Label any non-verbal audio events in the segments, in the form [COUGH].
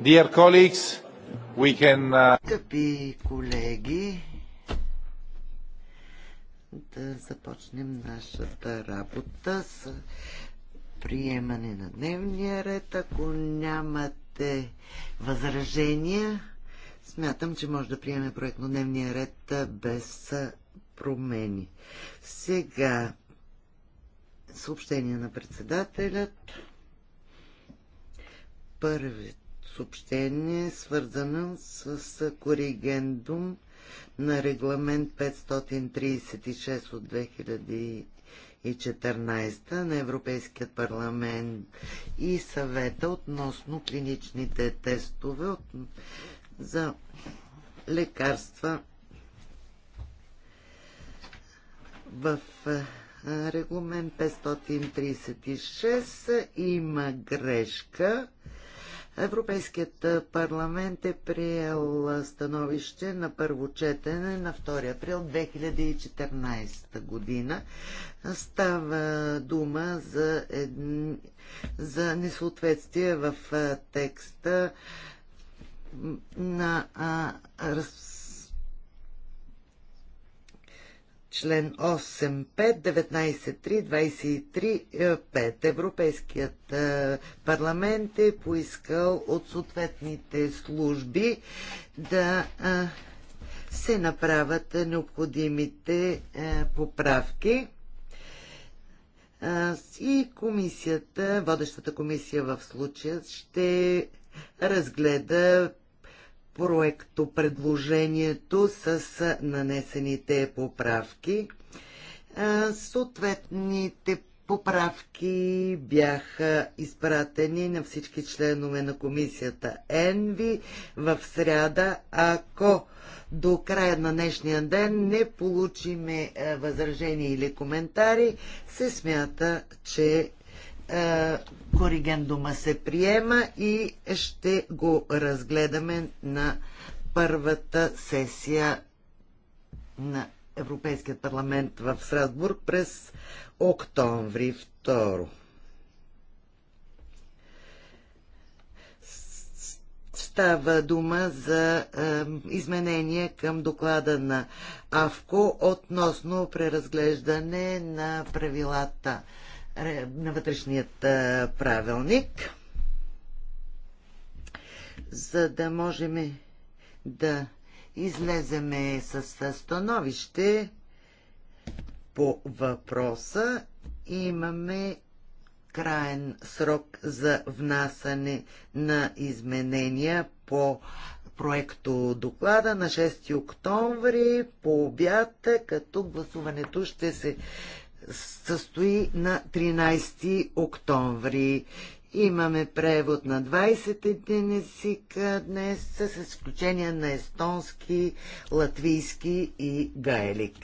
Dear colleagues, we can... Uh, Скъпи колеги, да започнем нашата работа с приемане на дневния ред. Ако нямате възражения, смятам, че може да приеме проект на дневния ред без промени. Сега съобщение на председателят. Първият съобщение, свързано с, с коригендум на регламент 536 от 2014 на Европейският парламент и съвета относно клиничните тестове от, за лекарства в е, регламент 536 има грешка Европейският парламент е приел становище на първо четене на 2 април 2014 година. Става дума за, ед... за несъответствие в текста на а, раз член 8, 5, 19.3, 23, 5. Европейският е, парламент е поискал от съответните служби да е, се направят необходимите е, поправки. И комисията, водещата комисия в случая, ще разгледа проекто предложението с нанесените поправки. Съответните поправки бяха изпратени на всички членове на комисията ЕНВИ в сряда. Ако до края на днешния ден не получиме възражения или коментари, се смята, че е, коригендума се приема и ще го разгледаме на първата сесия на Европейският парламент в Страсбург през октомври 2. Става дума за е, изменения към доклада на АВКО относно преразглеждане на правилата на вътрешният правилник, за да можем да излеземе с становище по въпроса. Имаме краен срок за внасане на изменения по проекто доклада на 6 октомври по обяд, като гласуването ще се състои на 13 октомври. Имаме превод на 21 езика днес, с изключение на естонски, латвийски и гаелик.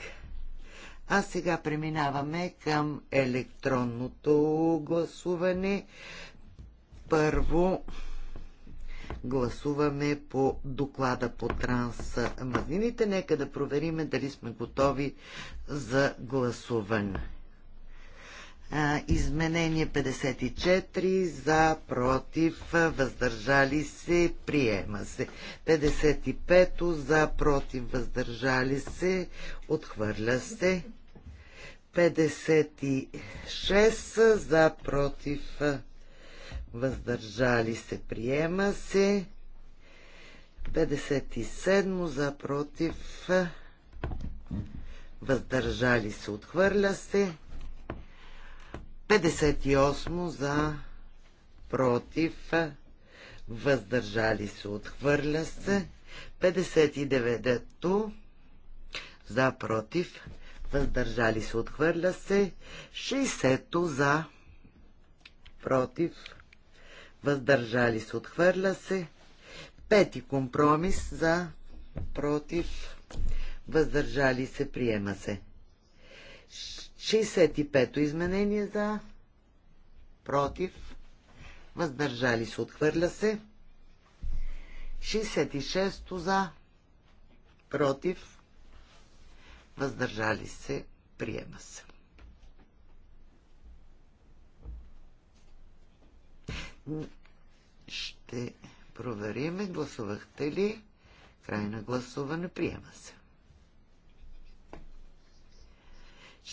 А сега преминаваме към електронното гласуване. Първо гласуваме по доклада по трансмазнините. Нека да провериме дали сме готови за гласуване. Изменение 54 за, против, въздържали се, приема се. 55 за, против, въздържали се, отхвърля се. 56 за, против, въздържали се въздържали се, приема се. 57 за против, въздържали се, отхвърля се. 58 за против, въздържали се, отхвърля се. 59-то за против, въздържали се, отхвърля се. 60-то за против, въздържали се, отхвърля се. Пети компромис за, против, въздържали се, приема се. 65-то изменение за, против, въздържали се, отхвърля се. 66-то за, против, въздържали се, приема се. Ще провериме. Гласувахте ли? Край на гласуване. Приема се.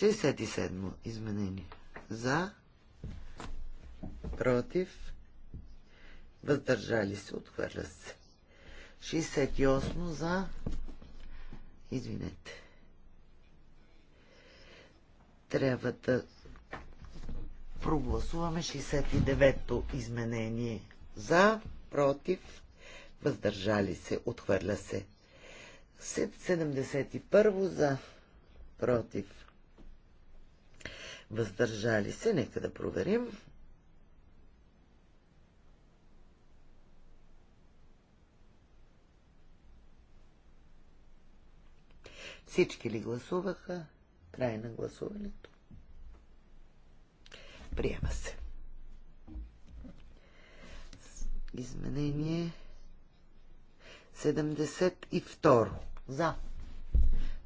67 изменение. За. Против. Въздържали се. Отхвърля се. 68 за. Извинете. Трябва да прогласуваме 69-то изменение. За, против, въздържали се, отхвърля се. 71 за, против, въздържали се. Нека да проверим. Всички ли гласуваха? Край на гласуването. Приема се. Изменение 72. За.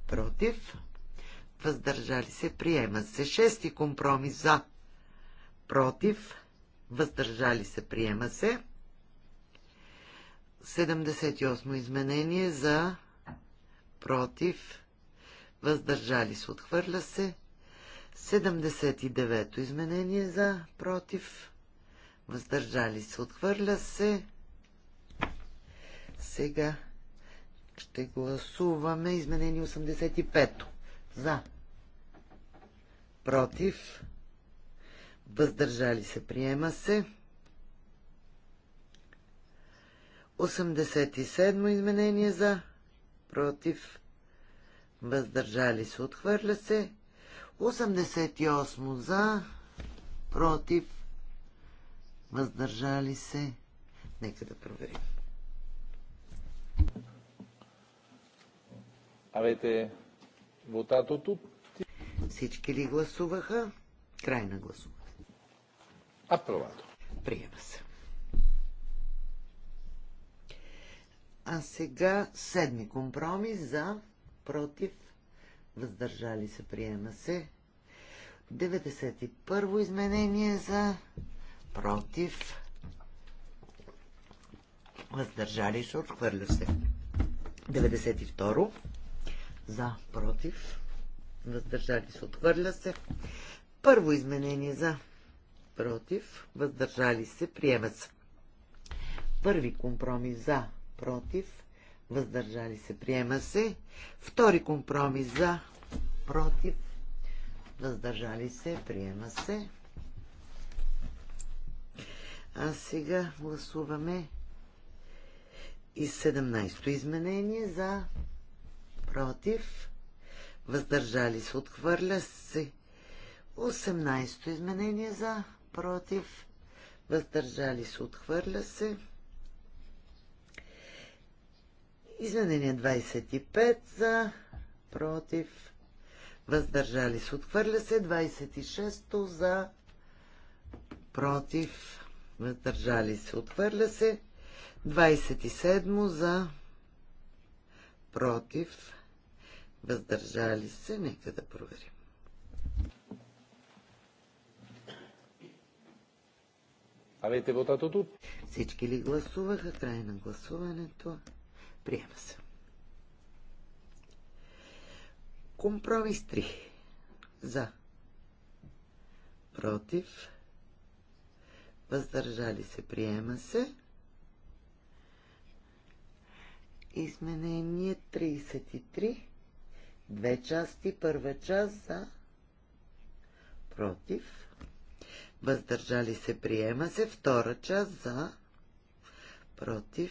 Против. Въздържали се. Приема се. Шести компромис. За. Против. Въздържали се. Приема се. 78 изменение за против, въздържали се, отхвърля се. 79-то изменение за, против, въздържали се, отхвърля се. Сега ще гласуваме изменение 85-то. За, против, въздържали се, приема се. 87-мо изменение за, против, въздържали се, отхвърля се. 88 за, против, въздържали се. Нека да проверим. Авете вотато тут. Всички ли гласуваха? Край на гласуване. Апровато. Приема се. А сега седми компромис за, против, въздържали се, приема се. 91 изменение за против, въздържали се, отхвърля се. 92 за против, въздържали се, отхвърля се. Първо изменение за против, въздържали се, приема се. Първи компромис за против, въздържали се, приема се. Втори компромис за, против, въздържали се, приема се. А сега гласуваме и 17-то изменение за, против, въздържали се, отхвърля се. 18-то изменение за, против, въздържали се, отхвърля се. Изменение 25 за, против, въздържали се. Отхвърля се 26 за, против, въздържали се. Отхвърля се 27 за, против, въздържали се. Нека да проверим. Avete votato tutti? Всички ли гласуваха? Край на гласуването. Приема се. Компромис 3. За. Против. Въздържали се. Приема се. Изменение 33. Две части. Първа част за. Против. Въздържали се. Приема се. Втора част за. Против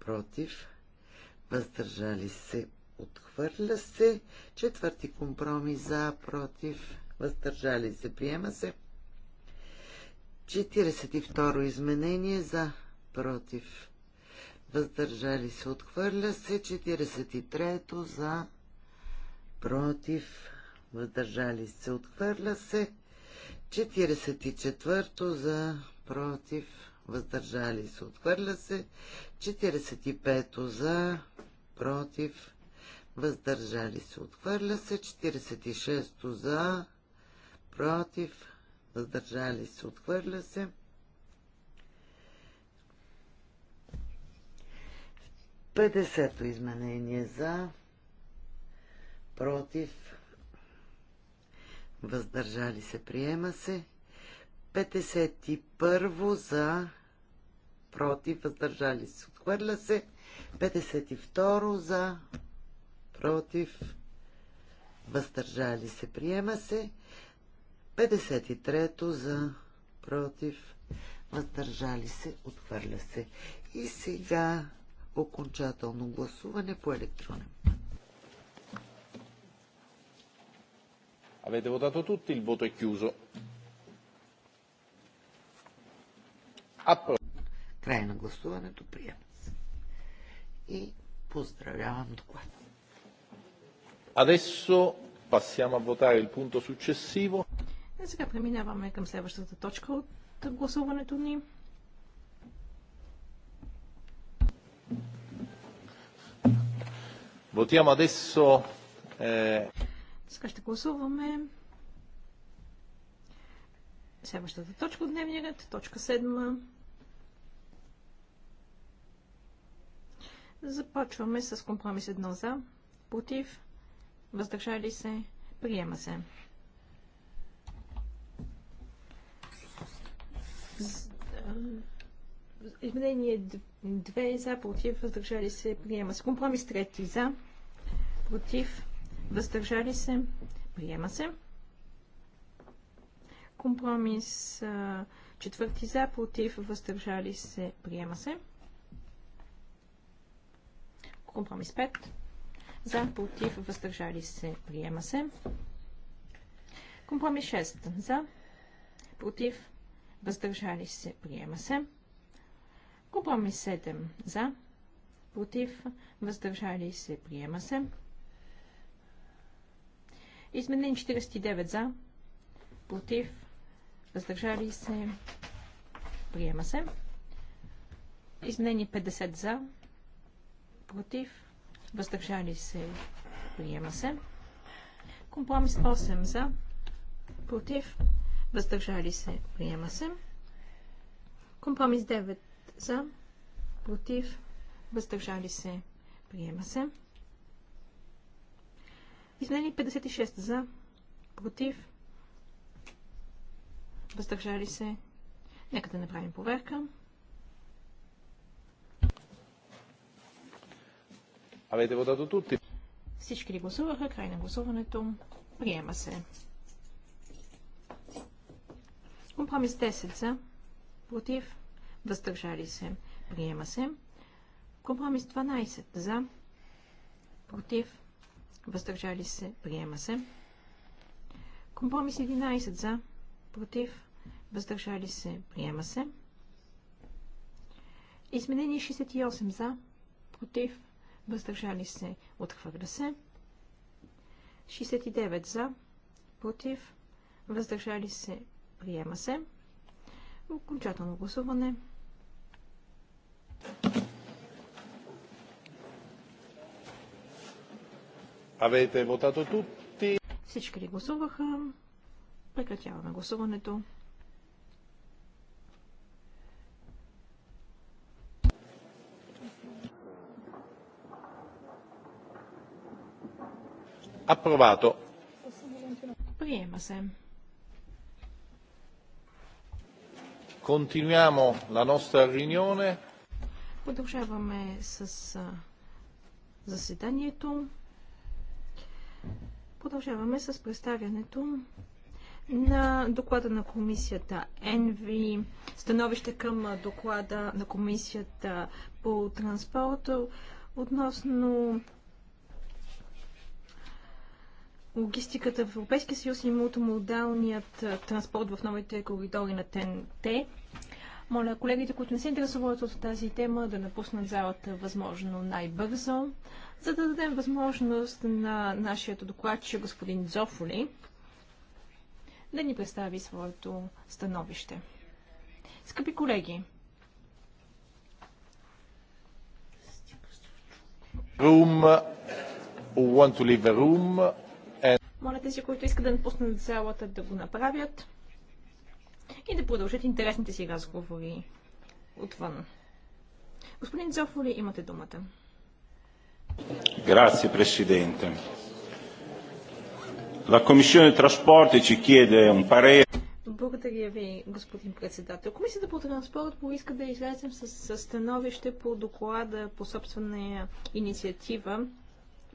против, въздържали се, отхвърля се. Четвърти компромис за, против, въздържали се, приема се. 42 изменение за, против, въздържали се, отхвърля се. 43 за, против, въздържали се, отхвърля се. 44 за, против, въздържали се, отхвърля се. 45-то за, против, въздържали се. Отхвърля се. 46-то за, против, въздържали се. Отхвърля се. Петдесето изменение за, против, въздържали се, приема се. 51 за, против, въздържали се, отхвърля се. 52 за, против, въздържали се, приема се. 53 за, против, въздържали се, отхвърля се. И сега окончателно гласуване по електронен Avete votato tutti, il voto è chiuso. Appro- Край на гласуването. Приема се. И поздравявам доклад. Adesso passiamo a il punto successivo. И сега преминаваме към следващата точка от гласуването ни. Votiamo adesso. Eh... Сега ще гласуваме следващата точка от дневния ред, точка 7. Започваме с компромис 1 за, против, въздържали се, приема се. Изменение 2 за, против, въздържали се, приема се. Компромис 3 за, против, въздържали се, приема се. Компромис 4 за, против, въздържали се, приема се. Компромис 5. За, против, въздържали се, приема се. Компромис 6. За, против, въздържали се, приема се. Компромис 7. За, против, въздържали се, приема се. Изменен 49 за, против, въздържали се, приема се. Изменени 50 за, против, въздържали се, приема се. Компромис 8 за, против, въздържали се, приема се. Компромис 9 за, против, въздържали се, приема се. Изменение 56 за, против, въздържали се. Нека да направим проверка. Avete votato tutti? Всички ли гласуваха? Край на гласуването. Приема се. Компромис 10 за. Против. Въздържали се. Приема се. Компромис 12 за. Против. Въздържали се. Приема се. Компромис 11 за. Против. Въздържали се. Приема се. Изменение 68 за. Против въздържали се, отхвърля се. 69 за, против, въздържали се, приема се. Окончателно гласуване. Всички ли гласуваха? Прекратяваме гласуването. Approvato. Приема се. Continuiamo la nostra riunione. Продължаваме с заседанието. Продължаваме с представянето на доклада на комисията ЕНВИ, становище към доклада на комисията по транспорт относно логистиката в Европейския съюз и мултимодалният транспорт в новите коридори на ТНТ. Моля колегите, които не се интересуват от тази тема, да напуснат залата възможно най-бързо, за да дадем възможност на нашия докладчик господин Зофоли да ни представи своето становище. Скъпи колеги, room, want to leave the room, моля тези, които искат да напуснат залата, да го направят и да продължат интересните си разговори отвън. Господин Зофоли, имате думата. Grazie Presidente. La Commissione Trasporti ci chiede un parere. Благодаря ви, господин председател. Комисията по транспорт поиска да излезем с, становище по доклада по собствена инициатива,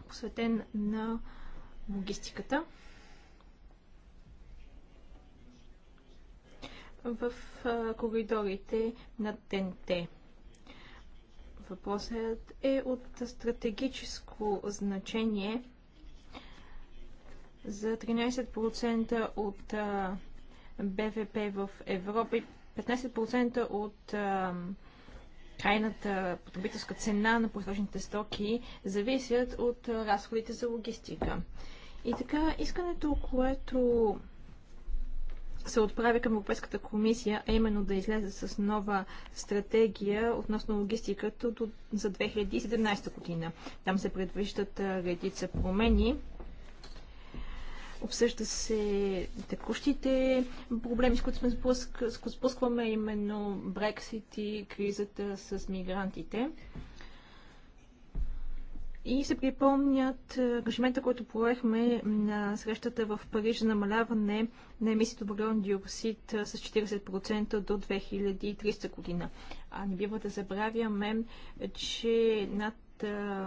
посветен на логистиката. в коридорите на ТНТ. Въпросът е от стратегическо значение за 13% от БВП в Европа и 15% от крайната потребителска цена на произвежданите стоки зависят от разходите за логистика. И така, искането, което се отправи към Европейската комисия, а е именно да излезе с нова стратегия относно логистиката за 2017 година. Там се предвиждат редица промени Обсъжда се текущите проблеми, с които сме сблъск... сблъскваме, именно Брексит и кризата с мигрантите. И се припомнят е, ангажимента, който поехме на срещата в Париж за намаляване на емисията въглероден диоксид е, с 40% до 2300 година. А не бива да забравяме, че над е,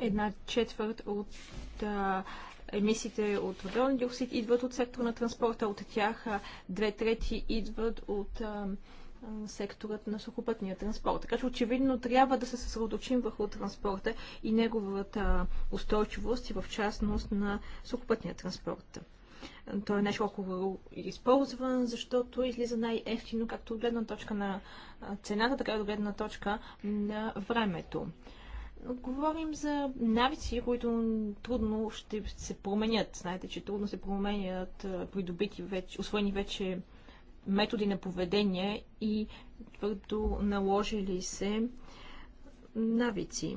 една четвърт от емисиите от въглероден диоксид идват от сектора на транспорта, от тях две трети идват от секторът на сухопътния транспорт. Така че очевидно трябва да се съсредоточим върху транспорта и неговата устойчивост и в частност на сухопътния транспорт. Той е нещо широко използван, защото излиза най-ефтино както от гледна точка на цената, така и от гледна точка на времето говорим за навици, които трудно ще се променят. Знаете, че трудно се променят придобити вече, освоени вече методи на поведение и твърдо наложили се навици.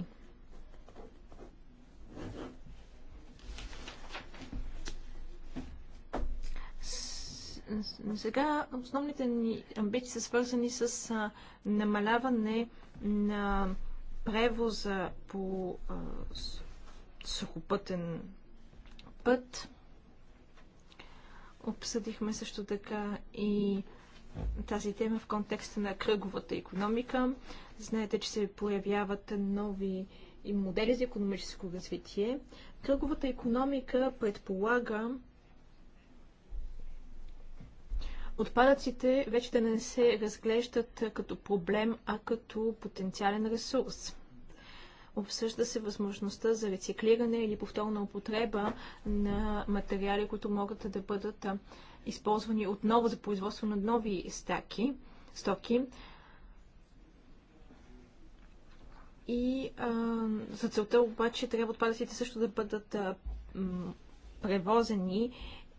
Сега основните ни амбиции са свързани с намаляване на превоза по а, сухопътен път. Обсъдихме също така и тази тема в контекста на кръговата економика. Знаете, че се появяват нови и модели за економическо развитие. Кръговата економика предполага отпадъците вече да не се разглеждат като проблем, а като потенциален ресурс. Обсъжда се възможността за рециклиране или повторна употреба на материали, които могат да бъдат използвани отново за производство на нови стаки, стоки. И а, за целта обаче трябва отпадъците също да бъдат а, превозени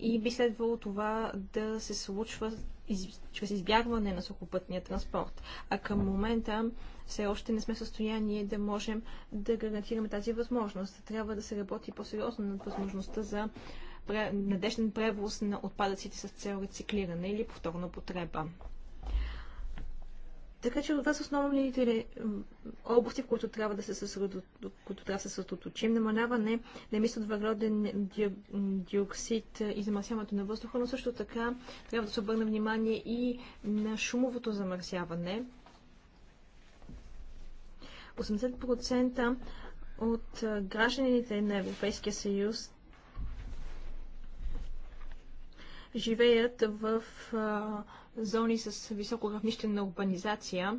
и би следвало това да се случва из... чрез избягване на сухопътния транспорт. А към момента все още не сме в състояние да можем да гарантираме тази възможност. Трябва да се работи по-сериозно над възможността за надежден превоз на отпадъците с цел рециклиране или повторна потреба. Така че това са основните области, в които трябва да се съсредоточим. Намаляване на емисията въглероден диоксид и замърсяването на въздуха, но също така трябва да се обърне внимание и на шумовото замърсяване. 80% от гражданите на Европейския съюз живеят в а, зони с високо равнище на урбанизация.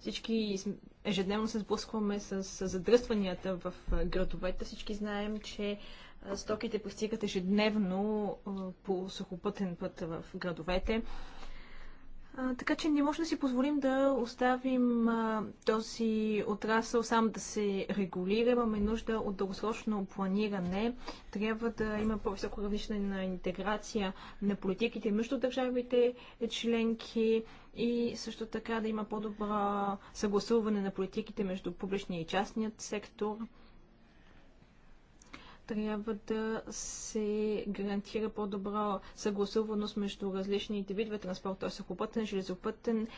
Всички ежедневно се сблъскваме с, с задръстванията в градовете. Всички знаем, че стоките постигат ежедневно по сухопътен път в градовете така че не може да си позволим да оставим а, този отрасъл сам да се регулира. Имаме нужда от дългосрочно планиране. Трябва да има по-високо равнище на интеграция на политиките между държавите членки и също така да има по-добро съгласуване на политиките между публичния и частният сектор трябва да се гарантира по-добра съгласуваност между различните видове транспорт, т.е. сухопътен, железопътен,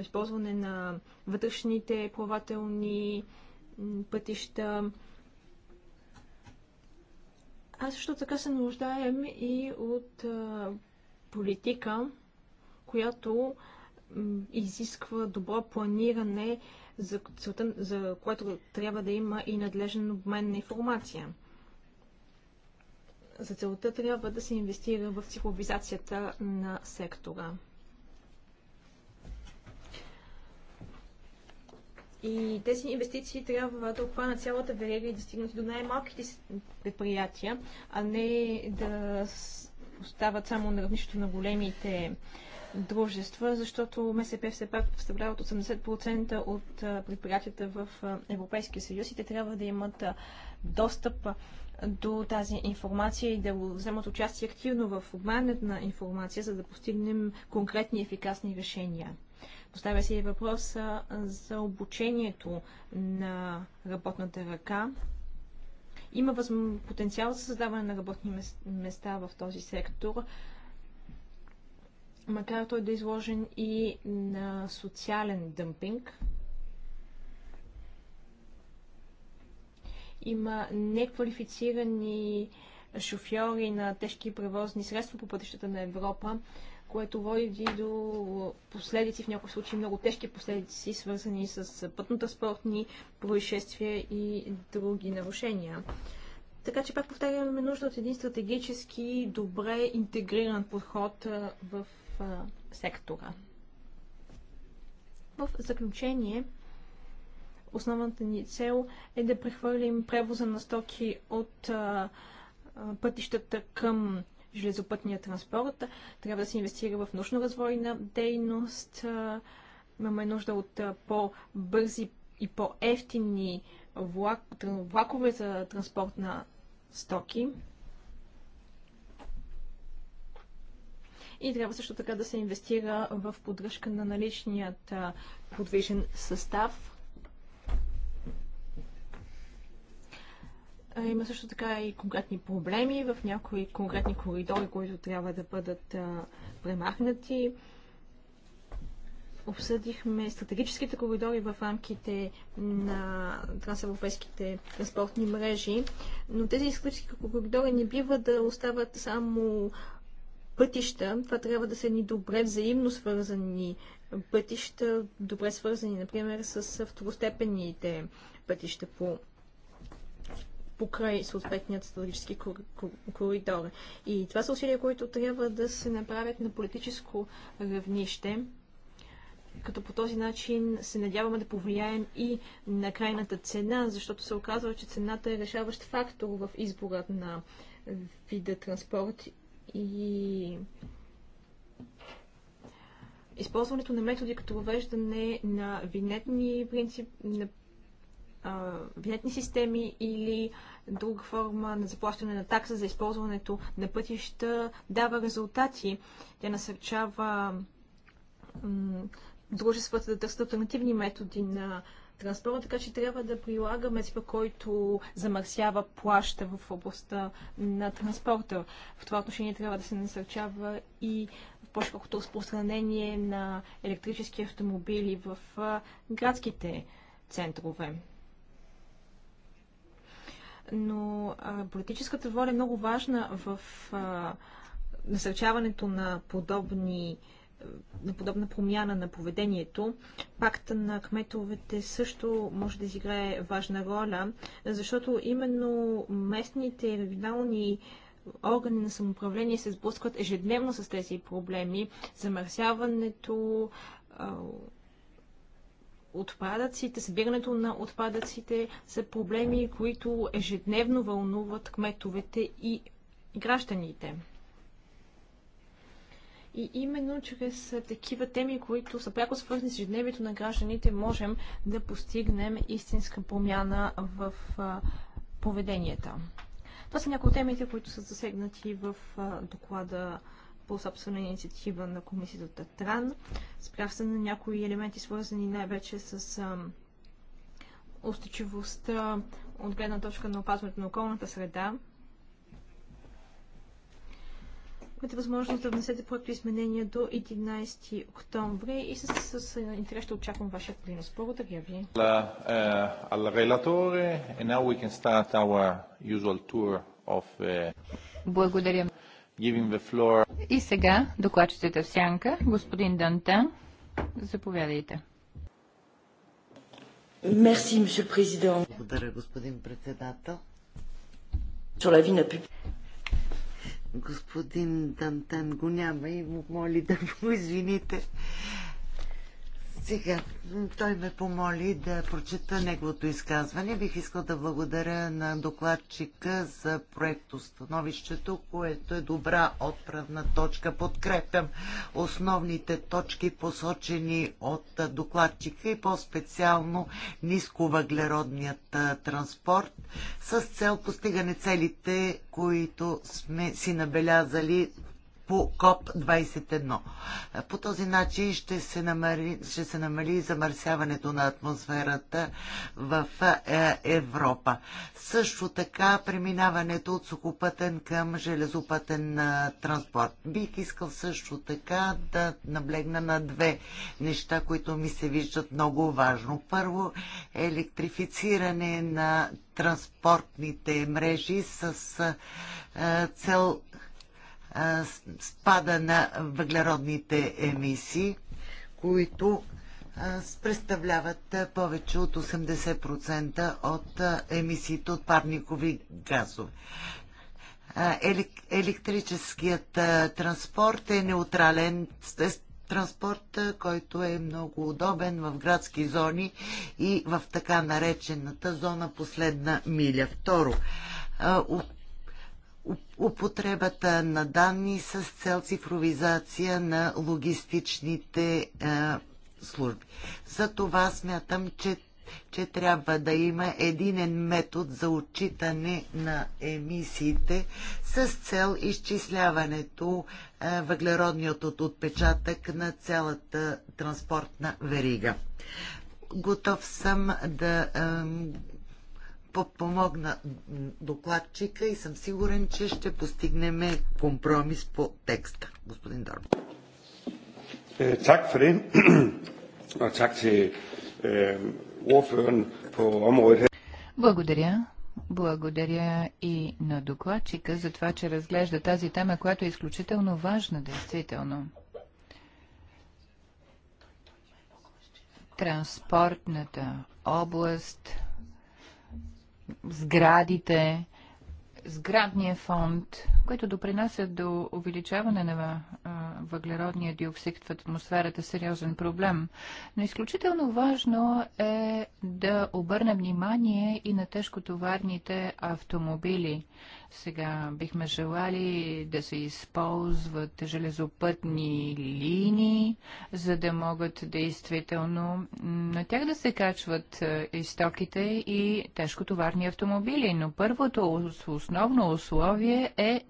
използване на вътрешните плавателни пътища. Аз също така се нуждаем и от политика, която изисква добро планиране, за, за което трябва да има и надлежен обмен на информация. За целта трябва да се инвестира в цифровизацията на сектора. И тези инвестиции трябва да обхванат цялата верига и да стигнат до най-малките предприятия, а не да остават само на равнището на големите дружества, защото МСП все пак представляват 80% от предприятията в Европейския съюз и те трябва да имат достъп до тази информация и да вземат участие активно в обменът на информация, за да постигнем конкретни ефикасни решения. Поставя се и въпроса за обучението на работната ръка. Има възм... потенциал за създаване на работни места в този сектор, макар той да е изложен и на социален дъмпинг. има неквалифицирани шофьори на тежки превозни средства по пътищата на Европа, което води до последици, в някои случаи много тежки последици, свързани с пътно-транспортни происшествия и други нарушения. Така че пак повтаряме нужда от един стратегически, добре интегриран подход в сектора. В заключение, основната ни цел е да прехвърлим превоза на стоки от а, пътищата към железопътния транспорт. Трябва да се инвестира в научно-развойна дейност. А, имаме нужда от по-бързи и по-ефтини влак, влакове за транспорт на стоки. И трябва също така да се инвестира в поддръжка на наличният подвижен състав. Има също така и конкретни проблеми в някои конкретни коридори, които трябва да бъдат премахнати. Обсъдихме стратегическите коридори в рамките на трансевропейските транспортни мрежи, но тези стратегически коридори не бива да остават само пътища. Това трябва да са ни добре взаимно свързани пътища, добре свързани, например, с второстепенните пътища по покрай съответният стратегически коридор. И това са усилия, които трябва да се направят на политическо равнище, като по този начин се надяваме да повлияем и на крайната цена, защото се оказва, че цената е решаващ фактор в избора на вида транспорт и използването на методи като въвеждане на винетни принцип, на винетни системи или друга форма на заплащане на такса за използването на пътища дава резултати. Тя насърчава дружествата да търсят альтернативни методи на транспорта, така че трябва да прилагаме типа, който замърсява плаща в областта на транспорта. В това отношение трябва да се насърчава и по-широкото разпространение на електрически автомобили в градските центрове но политическата воля е много важна в насърчаването на подобни на подобна промяна на поведението. Пакта на кметовете също може да изиграе важна роля, защото именно местните регионални органи на самоуправление се сблъскват ежедневно с тези проблеми. Замърсяването, отпадъците, събирането на отпадъците са проблеми, които ежедневно вълнуват кметовете и гражданите. И именно чрез такива теми, които са пряко свързани с ежедневието на гражданите, можем да постигнем истинска промяна в поведенията. Това са някои от темите, които са засегнати в доклада по собствена инициатива на комисията ТРАН. Спрях се на някои елементи, свързани най-вече с устойчивостта от гледна точка на опазването на околната среда. Имате възможност да внесете проекто изменения до 11 октомври и с, с, с интерес ще очаквам вашия принос. Благодаря ви. Е, е, Благодаря. И сега докладчетата в сянка, господин Дантан, заповядайте. Мерси, президент. Благодаря, господин председател. Господин Дантан го няма и му моли да го извините сега, той ме помоли да прочета неговото изказване. Бих искал да благодаря на докладчика за проектостановището, което е добра отправна точка. Подкрепям основните точки, посочени от докладчика и по-специално нисковъглеродният транспорт с цел постигане целите, които сме си набелязали по КОП-21. По този начин ще се, намали, ще се намали замърсяването на атмосферата в е, Европа. Също така преминаването от сухопътен към железопътен е, транспорт. Бих искал също така да наблегна на две неща, които ми се виждат много важно. Първо, електрифициране на транспортните мрежи с е, цел спада на въглеродните емисии, които представляват повече от 80% от емисиите от парникови газове. Електрическият транспорт е неутрален транспорт, който е много удобен в градски зони и в така наречената зона последна миля. Второ, употребата на данни с цел цифровизация на логистичните е, служби. За това смятам, че, че трябва да има единен метод за отчитане на емисиите с цел изчисляването е, въглеродният отпечатък на цялата транспортна верига. Готов съм да е, подпомогна докладчика и съм сигурен, че ще постигнем компромис по текста. Господин Дорб. Е, так for det, [CLEARS THROAT] og tak til øh, på området Благодаря. Благодаря и на докладчика за това, че разглежда тази тема, която е изключително важна, действително. Транспортната област, сградите, сградния фонд, които допринасят до увеличаване на въглеродния диоксид в атмосферата, сериозен проблем. Но изключително важно е да обърнем внимание и на тежкотоварните автомобили. Сега бихме желали да се използват железопътни линии, за да могат действително на тях да се качват е, изтоките и тежкотоварни автомобили. Но първото основно условие е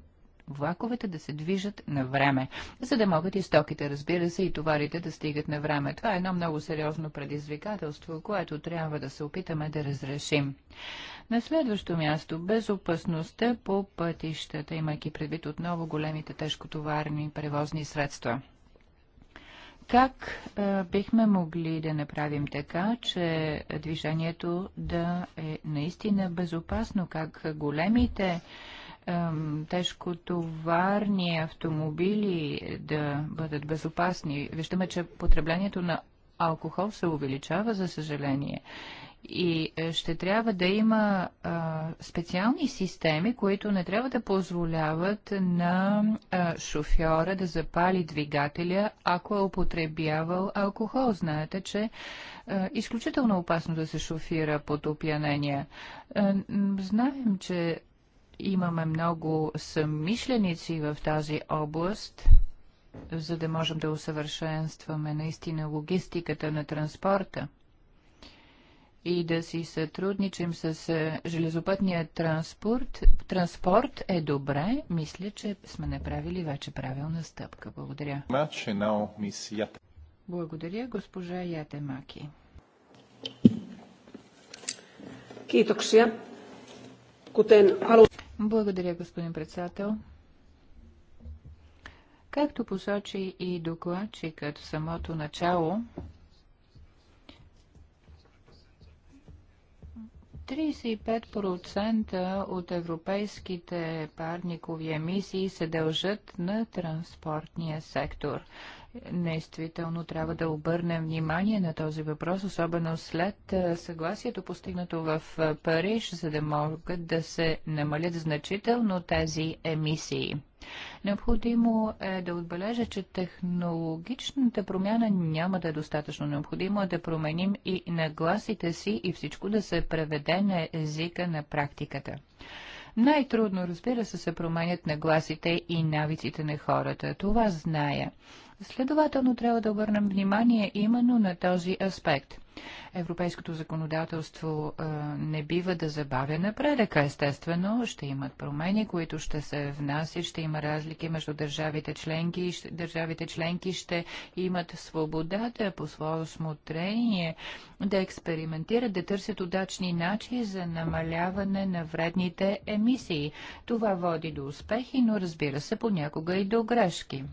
влаковете да се движат на време, за да могат и стоките, разбира се, и товарите да стигат на време. Това е едно много сериозно предизвикателство, което трябва да се опитаме да разрешим. На следващо място, безопасността по пътищата, имайки предвид отново големите тежкотоварни превозни средства. Как е, бихме могли да направим така, че движението да е наистина безопасно? Как големите тежкотоварни автомобили да бъдат безопасни. Виждаме, че потреблението на алкохол се увеличава, за съжаление. И е, ще трябва да има специални системи, които не трябва да позволяват на шофьора да запали двигателя, ако е употребявал алкохол. Знаете, че изключително опасно да се шофира под опьянение. знаем, че имаме много съмишленици в тази област за да можем да усъвършенстваме наистина логистиката на транспорта и да си сътрудничим с е, железопътния транспорт, транспорт е добре. Мисля, че сме направили вече правилна стъпка. Благодаря. Благодаря, госпожа Ятемаки. Благодаря, господин председател. Както посочи и докладчикът в самото начало, 35% от европейските парникови емисии се дължат на транспортния сектор. Действително трябва да обърнем внимание на този въпрос, особено след съгласието постигнато в Париж, за да могат да се намалят значително тези емисии. Необходимо е да отбележа, че технологичната промяна няма да е достатъчно. Необходимо е да променим и нагласите си и всичко да се преведе на езика на практиката. Най-трудно, разбира се, се променят нагласите и навиците на хората. Това зная. Следователно трябва да обърнем внимание именно на този аспект – Европейското законодателство а, не бива да забавя напредъка. Естествено, ще имат промени, които ще се внасят, ще има разлики между държавите членки и държавите членки ще имат свободата по свое осмотрение да експериментират, да търсят удачни начини за намаляване на вредните емисии. Това води до успехи, но разбира се понякога и до грешки.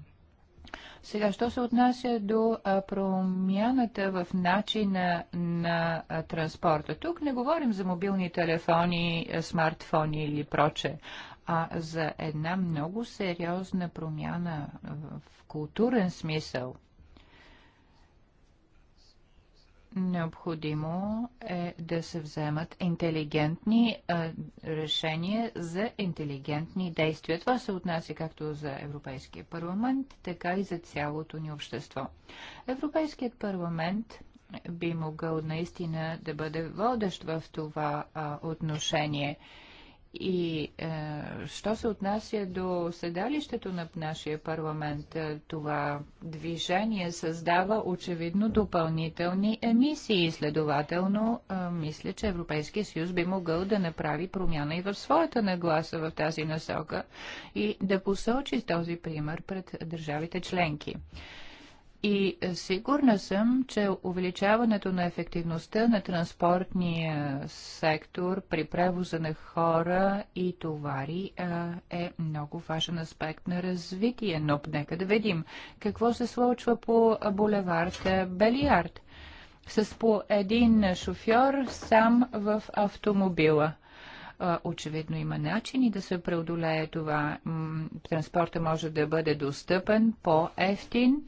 Сега, що се отнася до промяната в начина на транспорта? Тук не говорим за мобилни телефони, смартфони или проче, а за една много сериозна промяна в културен смисъл – Необходимо е да се вземат интелигентни а, решения за интелигентни действия. Това се отнася както за Европейския парламент, така и за цялото ни общество. Европейският парламент би могъл наистина да бъде водещ в това а, отношение. И е, що се отнася до седалището на нашия парламент, е, това движение създава очевидно допълнителни емисии. Следователно, е, мисля, че Европейския съюз би могъл да направи промяна и в своята нагласа в тази насока и да посочи този пример пред държавите членки. И е, сигурна съм, че увеличаването на ефективността на транспортния сектор при превоза на хора и товари е, е много важен аспект на развитие. Но нека да видим какво се случва по булевард Белиард с по един шофьор сам в автомобила е, очевидно има начини да се преодолее това. Транспорта може да бъде достъпен, по-ефтин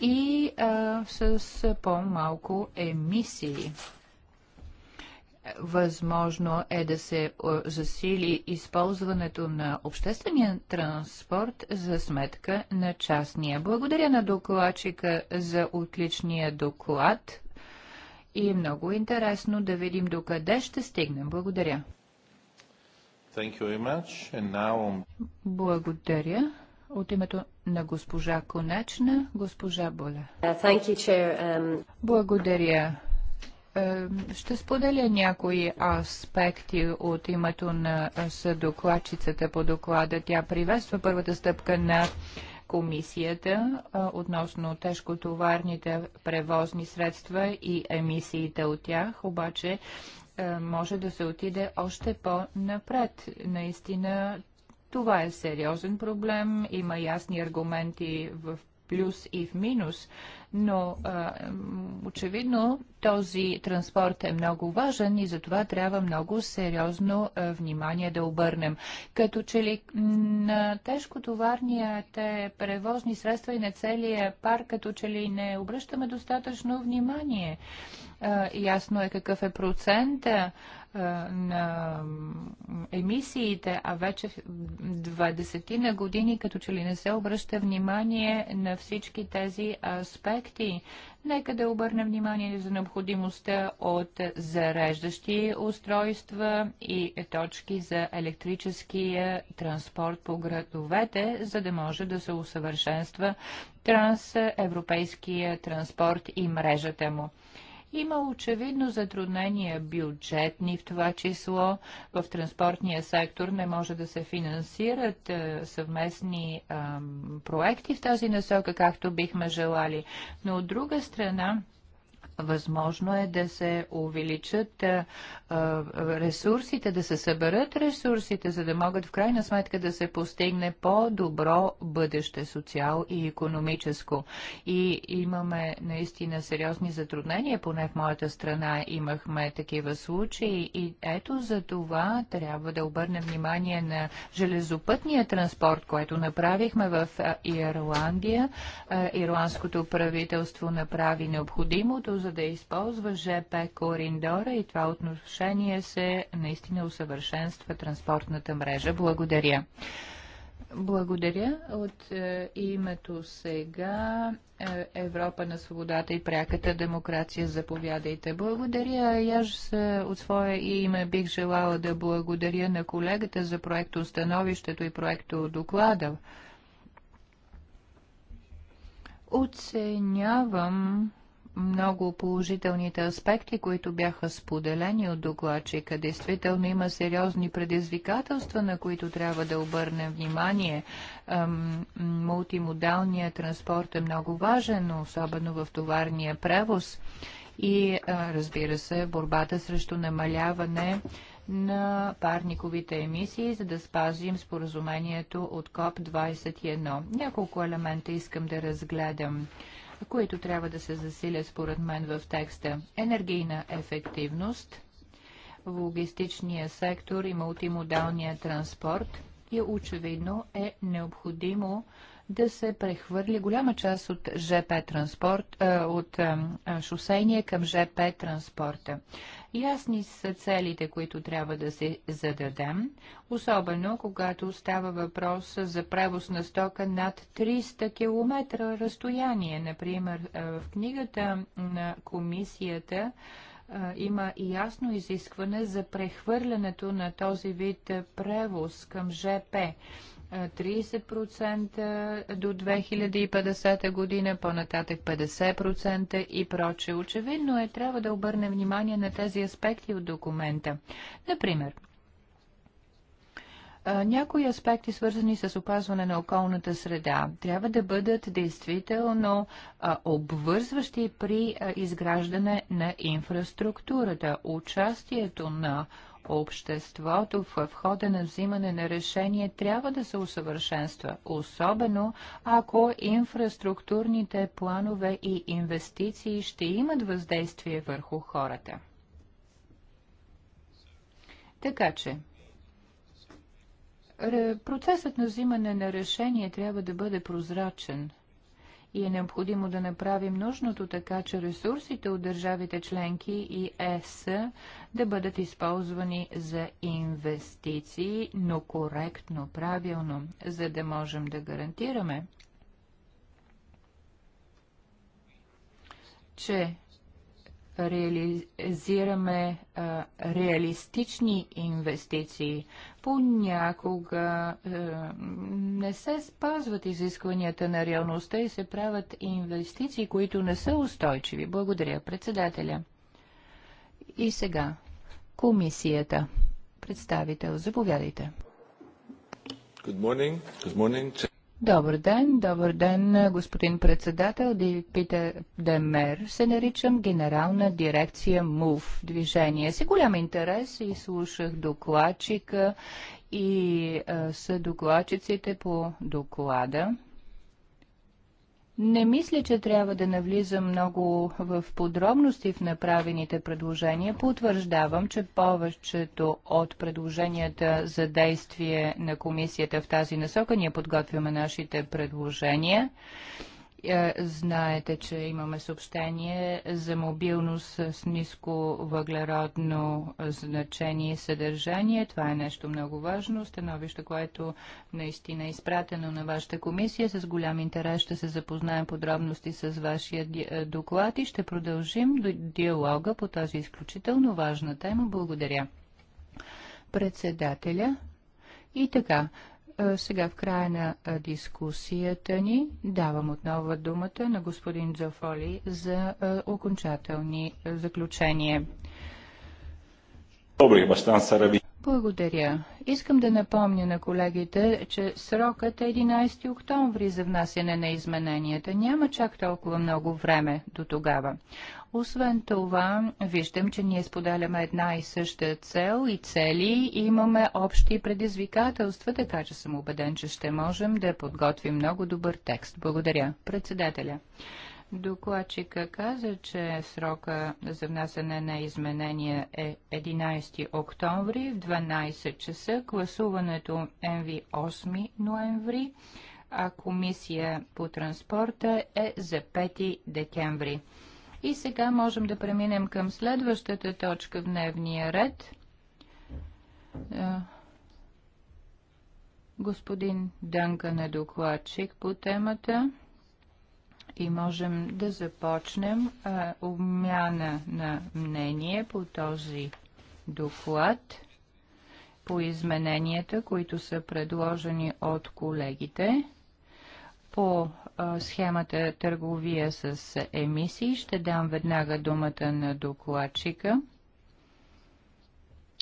и а, с по-малко емисии. Възможно е да се засили използването на обществения транспорт за сметка на частния. Благодаря на докладчика за отличния доклад и е много интересно да видим докъде ще стигнем. Благодаря. Благодаря. От името на госпожа Конечна, госпожа Боля. Uh, um, Благодаря. Ще споделя някои аспекти от името на съдокладчицата по доклада. Тя приветства първата стъпка на комисията относно тежкотоварните превозни средства и емисиите от тях, обаче е, може да се отиде още по-напред. Наистина това е сериозен проблем, има ясни аргументи в плюс и в минус, но а, очевидно този транспорт е много важен и затова трябва много сериозно а, внимание да обърнем. Като че ли на тежкотоварните превозни средства и на целия парк, като че ли не обръщаме достатъчно внимание. А, ясно е какъв е процента на емисиите, а вече 20 на години като че ли не се обръща внимание на всички тези аспекти. Нека да обърнем внимание за необходимостта от зареждащи устройства и точки за електрическия транспорт по градовете, за да може да се усъвършенства трансевропейския транспорт и мрежата му. Има очевидно затруднения бюджетни в това число. В транспортния сектор не може да се финансират е, съвместни проекти в тази насока, както бихме желали. Но от друга страна, Възможно е да се увеличат а, ресурсите, да се съберат ресурсите, за да могат в крайна сметка да се постигне по-добро бъдеще социал и економическо. И имаме наистина сериозни затруднения, поне в моята страна имахме такива случаи и ето за това трябва да обърнем внимание на железопътния транспорт, което направихме в Ирландия. Ирландското правителство направи необходимото за да използва ЖП Кориндора и това отношение се наистина усъвършенства транспортната мрежа. Благодаря. Благодаря. От е, името сега е, Европа на свободата и пряката демокрация заповядайте. Благодаря. И аз е, от свое име бих желала да благодаря на колегата за проекто становището и проекто доклада. Оценявам много положителните аспекти, които бяха споделени от докладчика. Действително има сериозни предизвикателства, на които трябва да обърнем внимание. Мултимодалният транспорт е много важен, особено в товарния превоз и разбира се борбата срещу намаляване на парниковите емисии, за да спазим споразумението от КОП-21. Няколко елемента искам да разгледам които трябва да се засилят според мен в текста. Енергийна ефективност, логистичния сектор и мултимодалния транспорт и очевидно е необходимо да се прехвърли голяма част от ЖП транспорт, е, от шосейния към ЖП транспорта. Ясни са целите, които трябва да се зададем, особено когато става въпрос за превоз на стока над 300 км разстояние. Например, в книгата на комисията има ясно изискване за прехвърлянето на този вид превоз към ЖП. 30% до 2050 година, по-нататък 50% и проче. Очевидно е, трябва да обърнем внимание на тези аспекти от документа. Например, някои аспекти, свързани с опазване на околната среда, трябва да бъдат действително обвързващи при изграждане на инфраструктурата. Участието на обществото в хода на взимане на решение трябва да се усъвършенства, особено ако инфраструктурните планове и инвестиции ще имат въздействие върху хората. Така че, процесът на взимане на решение трябва да бъде прозрачен – и е необходимо да направим нужното така, че ресурсите от държавите членки и ЕС да бъдат използвани за инвестиции, но коректно, правилно, за да можем да гарантираме, че реализираме а, реалистични инвестиции. Понякога а, не се спазват изискванията на реалността и се правят инвестиции, които не са устойчиви. Благодаря, председателя. И сега, комисията. Представител, заповядайте. Good morning. Good morning. Добър ден, добър ден, господин председател. Питер Демер се наричам генерална дирекция МУВ движение. С голям интерес и слушах докладчика и а, докладчиците по доклада. Не мисля, че трябва да навлизам много в подробности в направените предложения. Потвърждавам, че повечето от предложенията за действие на комисията в тази насока ние подготвяме нашите предложения. Е, знаете, че имаме съобщение за мобилност с ниско въглеродно значение и съдържание. Това е нещо много важно. Становище, което наистина е изпратено на вашата комисия. С голям интерес ще се запознаем подробности с вашия е, доклад и ще продължим диалога по тази изключително важна тема. Благодаря. Председателя. И така, е, сега в края на е, дискусията ни давам отново думата на господин Джофоли за е, окончателни заключения. Добре, Благодаря. Искам да напомня на колегите, че срокът е 11 октомври за внасяне на измененията. Няма чак толкова много време до тогава. Освен това, виждам, че ние споделяме една и съща цел и цели и имаме общи предизвикателства, така че съм убеден, че ще можем да подготвим много добър текст. Благодаря, председателя. Докладчика каза, че срока за внасяне на изменения е 11 октомври в 12 часа, гласуването МВ 8 ноември, а комисия по транспорта е за 5 декември. И сега можем да преминем към следващата точка в дневния ред. Е, господин Дънкан е докладчик по темата и можем да започнем е, обмяна на мнение по този доклад, по измененията, които са предложени от колегите, по схемата търговия с емисии. Ще дам веднага думата на докладчика,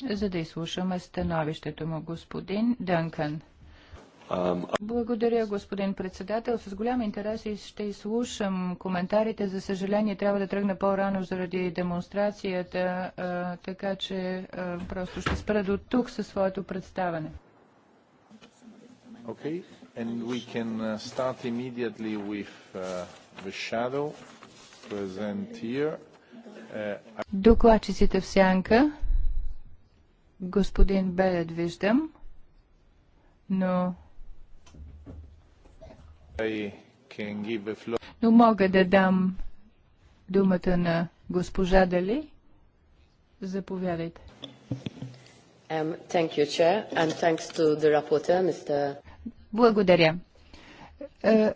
за да изслушаме становището му господин Дънкън. Благодаря, господин председател. С голям интерес ще изслушам коментарите. За съжаление, трябва да тръгна по-рано заради демонстрацията, така че просто ще спра до тук със своето представане. Okay and we can uh, start immediately with uh, the shadow present here. Докладчиците в сянка. Господин Белет виждам, но... I can give a floor. Но мога да дам думата на госпожа Дали. Заповядайте. Um, thank you, Chair, and thanks to the rapporteur, Mr. Благодаря. Е, е,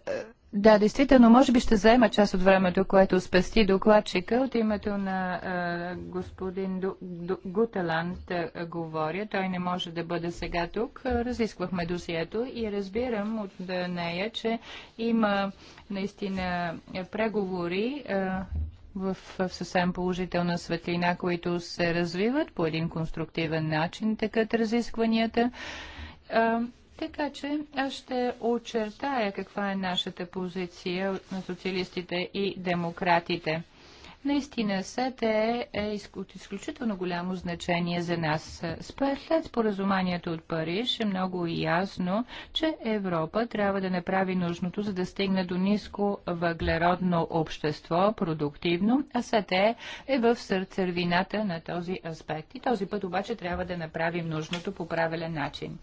да, действително, може би ще заема част от времето, което спести докладчика. От името на е, господин Гуталанд говоря. Той не може да бъде сега тук. Разисквахме досието и разбирам от нея, че има наистина преговори в, съвсем положителна светлина, които се развиват по един конструктивен начин, такът разискванията. Така че аз ще очертая каква е нашата позиция на социалистите и демократите. Наистина СЕТЕ е, е от изключително голямо значение за нас. След споразуманието от Париж е много ясно, че Европа трябва да направи нужното, за да стигне до ниско въглеродно общество, продуктивно, а СЕТЕ е в сърцервината на този аспект. И този път обаче трябва да направим нужното по правилен начин.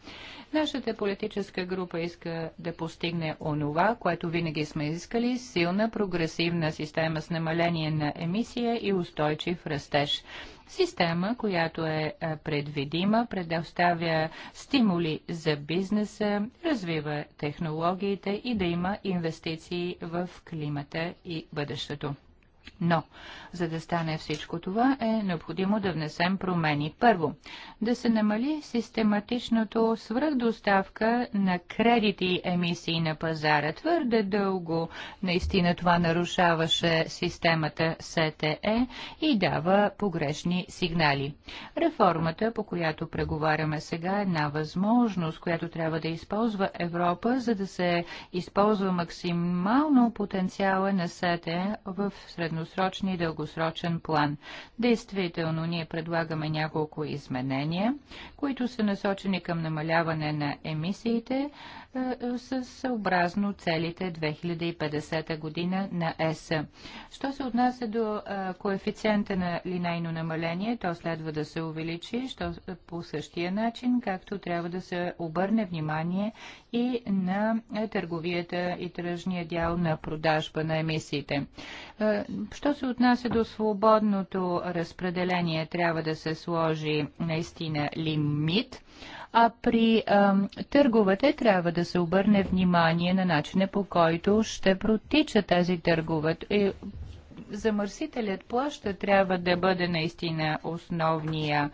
Нашата политическа група иска да постигне онова, което винаги сме искали, силна прогресивна система с намаление на емисиите, емисия и устойчив растеж. Система, която е, е предвидима, предоставя стимули за бизнеса, развива технологиите и да има инвестиции в климата и бъдещето. Но, за да стане всичко това, е необходимо да внесем промени. Първо, да се намали систематичното свръхдоставка на кредити и емисии на пазара. Твърде дълго наистина това нарушаваше системата СТЕ и дава погрешни сигнали. Реформата, по която преговаряме сега, е една възможност, която трябва да използва Европа, за да се използва максимално потенциала на СТЕ в средно средносрочен и дългосрочен план. Действително, ние предлагаме няколко изменения, които са насочени към намаляване на емисиите е, е, с съобразно целите 2050 година на ЕС. Що се отнася до е, коефициента на линейно намаление, то следва да се увеличи що, по същия начин, както трябва да се обърне внимание и на търговията и тръжния дял на продажба на емисиите. Що се отнася до свободното разпределение, трябва да се сложи наистина лимит, а при а, търговете трябва да се обърне внимание на начина по който ще протича тази търгове. Замърсителят плаща трябва да бъде наистина основния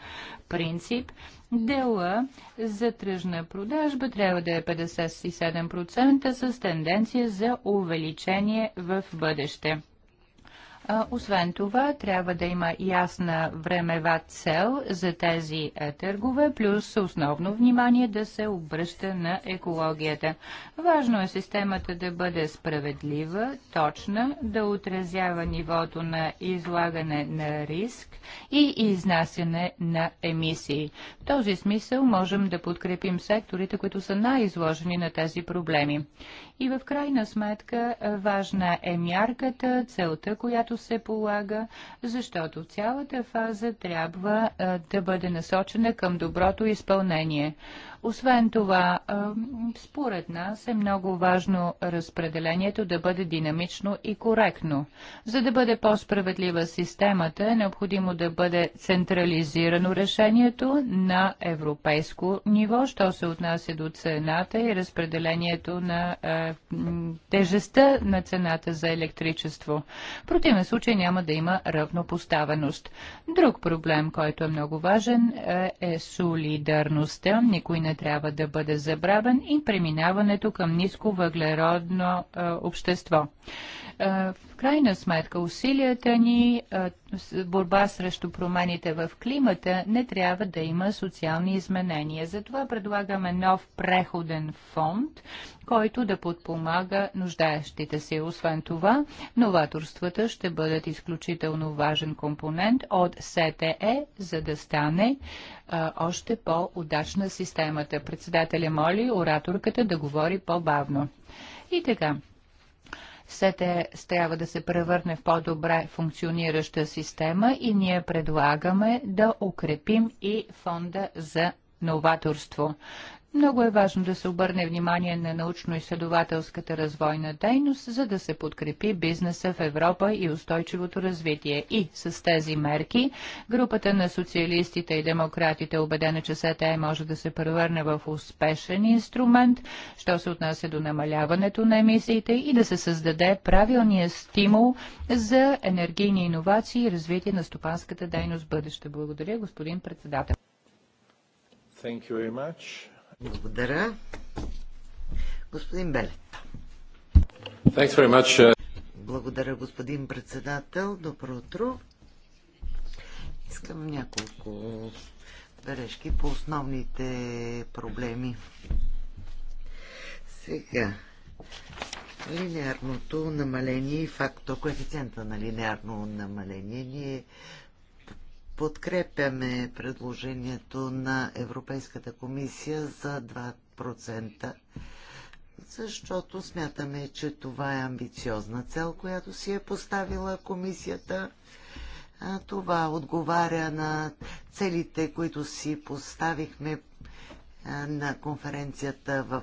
принцип. Дела за тръжна продажба трябва да е 57% с тенденция за увеличение в бъдеще. Освен това, трябва да има ясна времева цел за тези е, търгове, плюс основно внимание да се обръща на екологията. Важно е системата да бъде справедлива, точна, да отразява нивото на излагане на риск и изнасяне на емисии. В този смисъл можем да подкрепим секторите, които са най-изложени на тези проблеми. И в крайна сметка е, важна е мярката, целта, която се полага, защото цялата фаза трябва е, да бъде насочена към доброто изпълнение. Освен това, според нас е много важно разпределението да бъде динамично и коректно. За да бъде по-справедлива системата, е необходимо да бъде централизирано решението на европейско ниво, що се отнася до цената и разпределението на е, тежестта на цената за електричество. В противен случай няма да има равнопоставеност. Друг проблем, който е много важен, е, е солидарността. Никой не не трябва да бъде забравен и преминаването към ниско въглеродно общество. В крайна сметка усилията ни борба срещу промените в климата не трябва да има социални изменения. Затова предлагаме нов преходен фонд, който да подпомага нуждаещите се. Освен това, новаторствата ще бъдат изключително важен компонент от СТЕ, за да стане а, още по-удачна системата. Председателя моли ораторката да говори по-бавно. И така, те трябва да се превърне в по-добре функционираща система и ние предлагаме да укрепим и фонда за новаторство. Много е важно да се обърне внимание на научно-изследователската развойна дейност, за да се подкрепи бизнеса в Европа и устойчивото развитие. И с тези мерки групата на социалистите и демократите е убедена, че СТЕ може да се превърне в успешен инструмент, що се отнася до намаляването на емисиите и да се създаде правилния стимул за енергийни иновации и развитие на стопанската дейност в бъдеще. Благодаря, господин председател. Thank you very much. Благодаря. Господин Белет. Uh, Благодаря, господин председател. Добро утро. Искам няколко бележки по основните проблеми. Сега, линеарното намаление и факто, коефициента на линеарно намаление. Ние подкрепяме предложението на Европейската комисия за 2%, защото смятаме, че това е амбициозна цел, която си е поставила комисията. това отговаря на целите, които си поставихме на конференцията в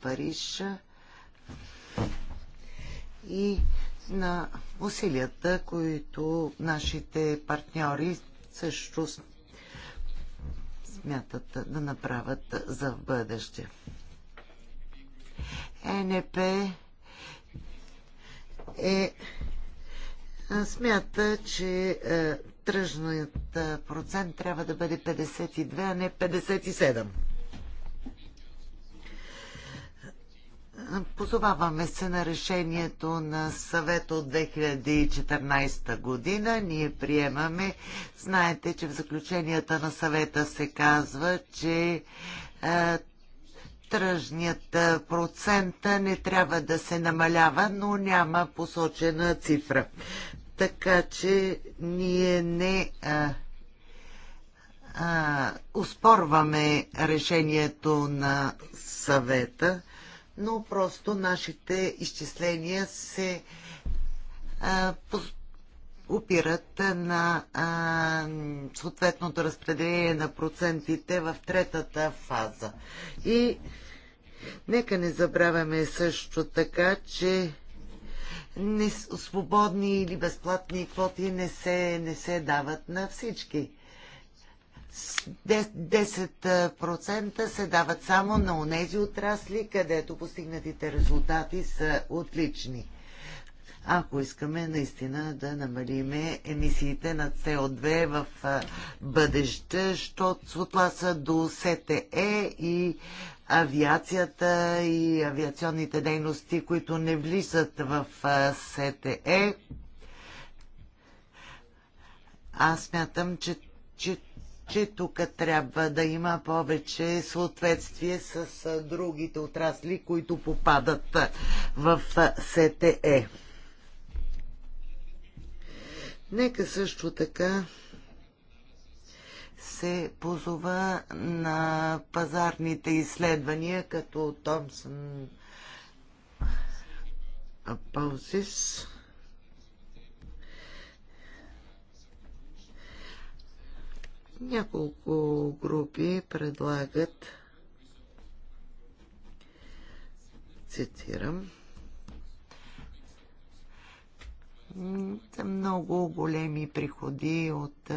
Париж и на усилията, които нашите партньори също смятат да направят за в бъдеще. НП е, е смята, че е, тръжният процент трябва да бъде 52, а не 57. Позоваваме се на решението на съвет от 2014 година. Ние приемаме. Знаете, че в заключенията на съвета се казва, че е, тръжният е, процент не трябва да се намалява, но няма посочена цифра. Така че ние не. А, е, а, успорваме решението на съвета, но просто нашите изчисления се а, опират на а, съответното разпределение на процентите в третата фаза. И нека не забравяме също така, че не, свободни или безплатни квоти не се, не се дават на всички. 10% се дават само на онези отрасли, където постигнатите резултати са отлични. Ако искаме наистина да намалиме емисиите на СО2 в бъдеще, защото се отласа до СТЕ и авиацията и авиационните дейности, които не влизат в СТЕ, аз мятам, че, че че тук трябва да има повече съответствие с другите отрасли, които попадат в СТЕ. Нека също така се позова на пазарните изследвания, като Томсън Паузис. Няколко групи предлагат, цитирам, много големи приходи от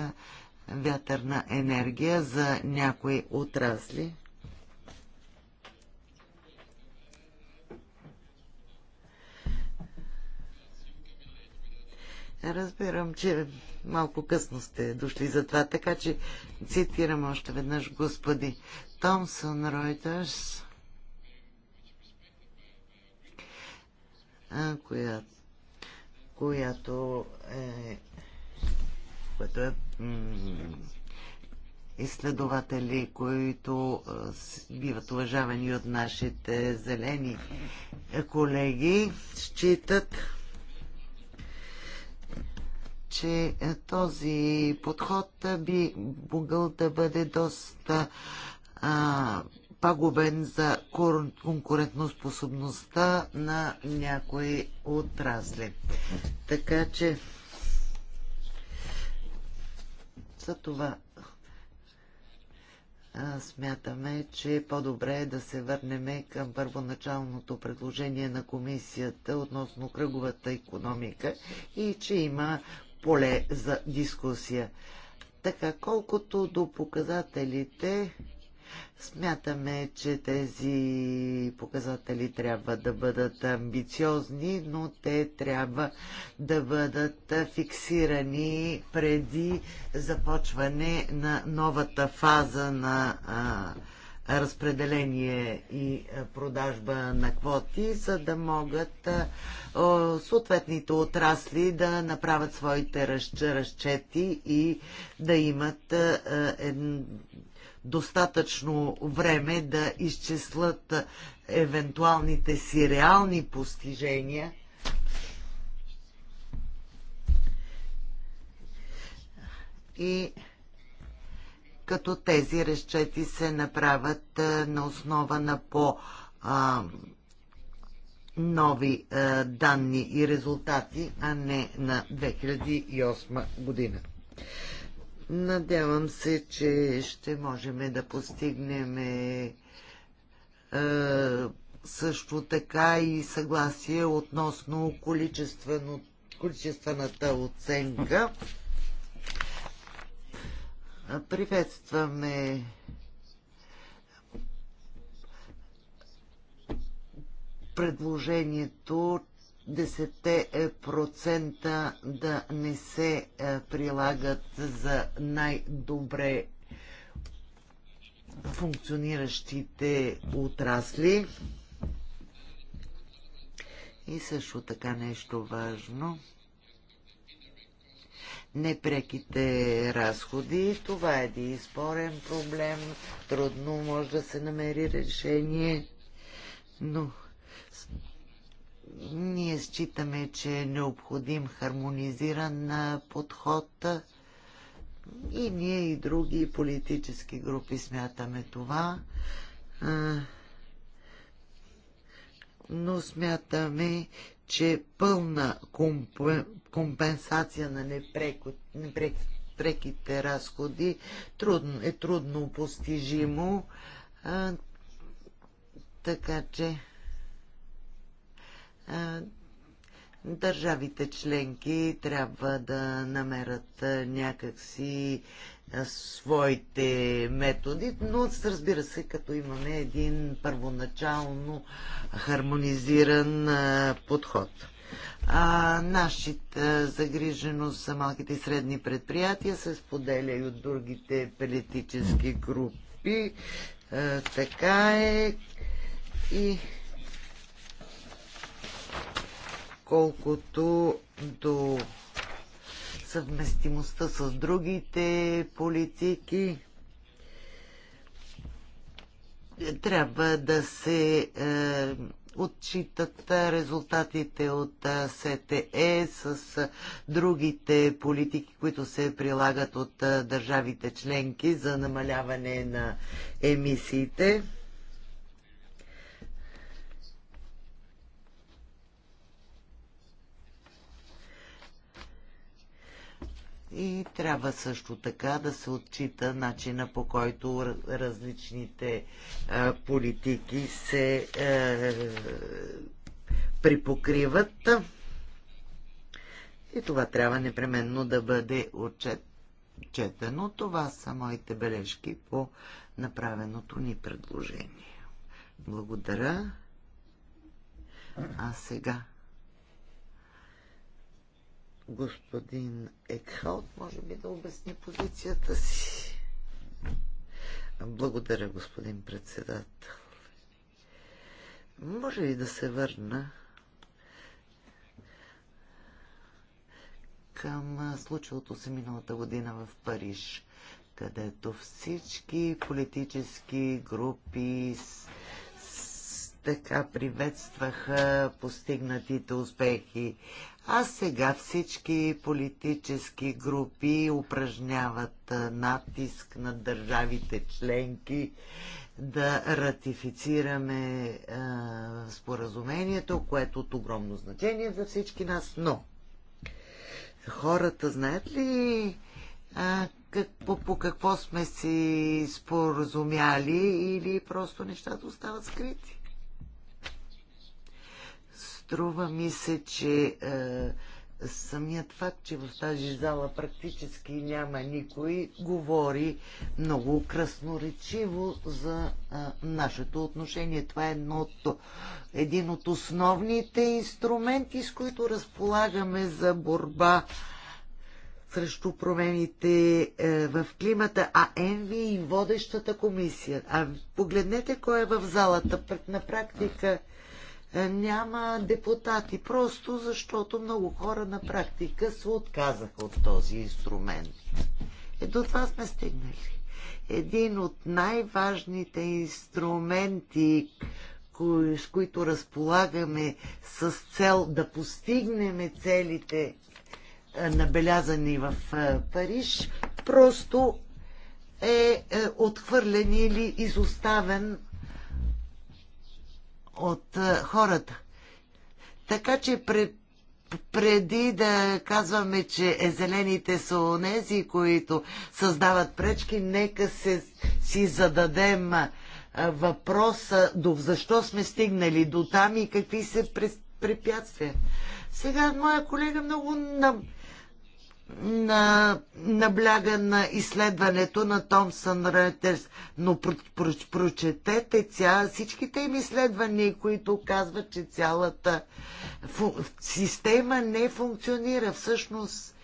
вятърна енергия за някои отрасли. Разбирам, че малко късно сте дошли за това, така че цитирам още веднъж господи Томсън Ройтърс, която, която е, Която е изследователи, които биват уважавани от нашите зелени колеги, считат, че е, този подход е, би могъл да бъде доста а, пагубен за конкурентноспособността на някои отрасли. Така че за това смятаме, че е по-добре е да се върнем към първоначалното предложение на комисията относно кръговата економика и че има поле за дискусия. Така, колкото до показателите, смятаме, че тези показатели трябва да бъдат амбициозни, но те трябва да бъдат фиксирани преди започване на новата фаза на а, разпределение и е, продажба на квоти, за да могат е, съответните отрасли да направят своите разчети и да имат е, достатъчно време да изчислят евентуалните си реални постижения. И като тези разчети се направят на основа на по- нови данни и резултати, а не на 2008 година. Надявам се, че ще можем да постигнем също така и съгласие относно количествената оценка. Приветстваме предложението 10% е, да не се е, прилагат за най-добре функциониращите отрасли. И също така нещо важно – непреките разходи. Това е един спорен проблем. Трудно може да се намери решение, но ние считаме, че е необходим хармонизиран подход и ние и други политически групи смятаме това. Но смятаме, че пълна компенсация на непреките разходи е трудно постижимо. така че държавите членки трябва да намерят някакси своите методи, но разбира се, като имаме един първоначално хармонизиран подход. А, нашата загриженост за малките и средни предприятия се споделя и от другите политически групи. А, така е. И колкото до съвместимостта с другите политики. Трябва да се е, отчитат резултатите от е, СТЕ с е, другите политики, които се прилагат от е, държавите членки за намаляване на емисиите. И трябва също така да се отчита начина по който различните а, е, политики се а, е, припокриват. И това трябва непременно да бъде отчетено. Това са моите бележки по направеното ни предложение. Благодаря. А сега господин Екхалт може би да обясни позицията си. Благодаря, господин председател. Може ли да се върна към случилото се миналата година в Париж, където всички политически групи така приветстваха постигнатите успехи а сега всички политически групи упражняват натиск на държавите членки да ратифицираме е, споразумението, което е от огромно значение за всички нас. Но хората знаят ли а, как, по, по какво сме си споразумяли или просто нещата остават скрити? Струва ми се, че е, самият факт, че в тази зала практически няма никой, говори много красноречиво за е, нашето отношение. Това е едно от, един от основните инструменти, с които разполагаме за борба срещу промените е, в климата, а Енви и водещата комисия. А погледнете кой е в залата. На практика няма депутати, просто защото много хора на практика се отказаха от този инструмент. Е, до това сме стигнали. Един от най-важните инструменти, кои, с които разполагаме с цел да постигнем целите, набелязани в Париж, просто е, е отхвърлен или изоставен от е, хората. Така че пред, преди да казваме, че е зелените са онези, които създават пречки, нека се, си зададем е, въпроса до защо сме стигнали до там и какви са препятствия. Сега моя колега много нам, на, набляга на изследването на Томсън Ретерс, но про, про, прочетете ця, всичките им изследвания, които казват, че цялата фу, система не функционира. Всъщност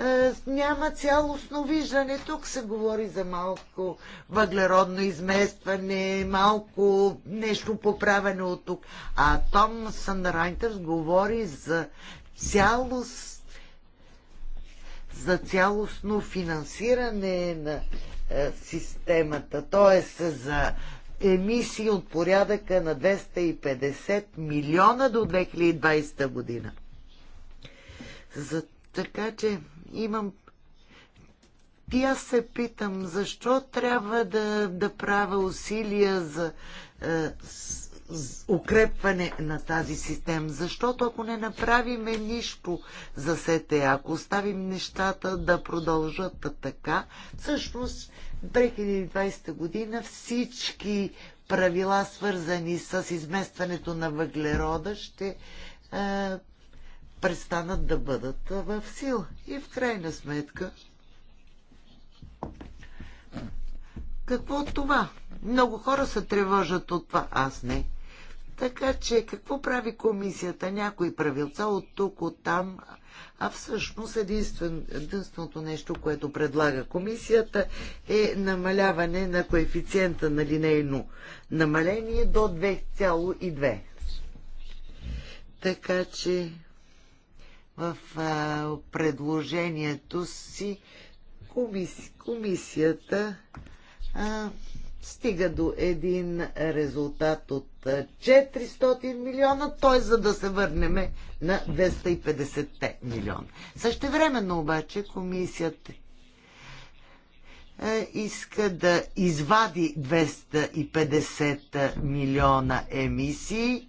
е, няма цялостно виждане. Тук се говори за малко въглеродно изместване, малко нещо поправено от тук. А Томсън Ретерс говори за цялост за цялостно финансиране на е, системата, т.е. за емисии от порядъка на 250 милиона до 2020 година. За, така че имам и аз се питам, защо трябва да, да правя усилия за е, укрепване на тази система, защото ако не направиме нищо за сете, ако оставим нещата да продължат така, всъщност 2020 година всички правила, свързани с изместването на въглерода, ще е, престанат да бъдат в сила. И в крайна сметка, какво от това? Много хора се тревожат от това, аз не. Така че какво прави комисията? Някои правилца от тук, от там, а всъщност единствен, единственото нещо, което предлага комисията е намаляване на коефициента на линейно намаление до 2,2. Така че в а, предложението си комис, комисията а, стига до един резултат от 400 милиона, т.е. за да се върнем на 250 милиона. Същевременно обаче комисията иска да извади 250 милиона емисии,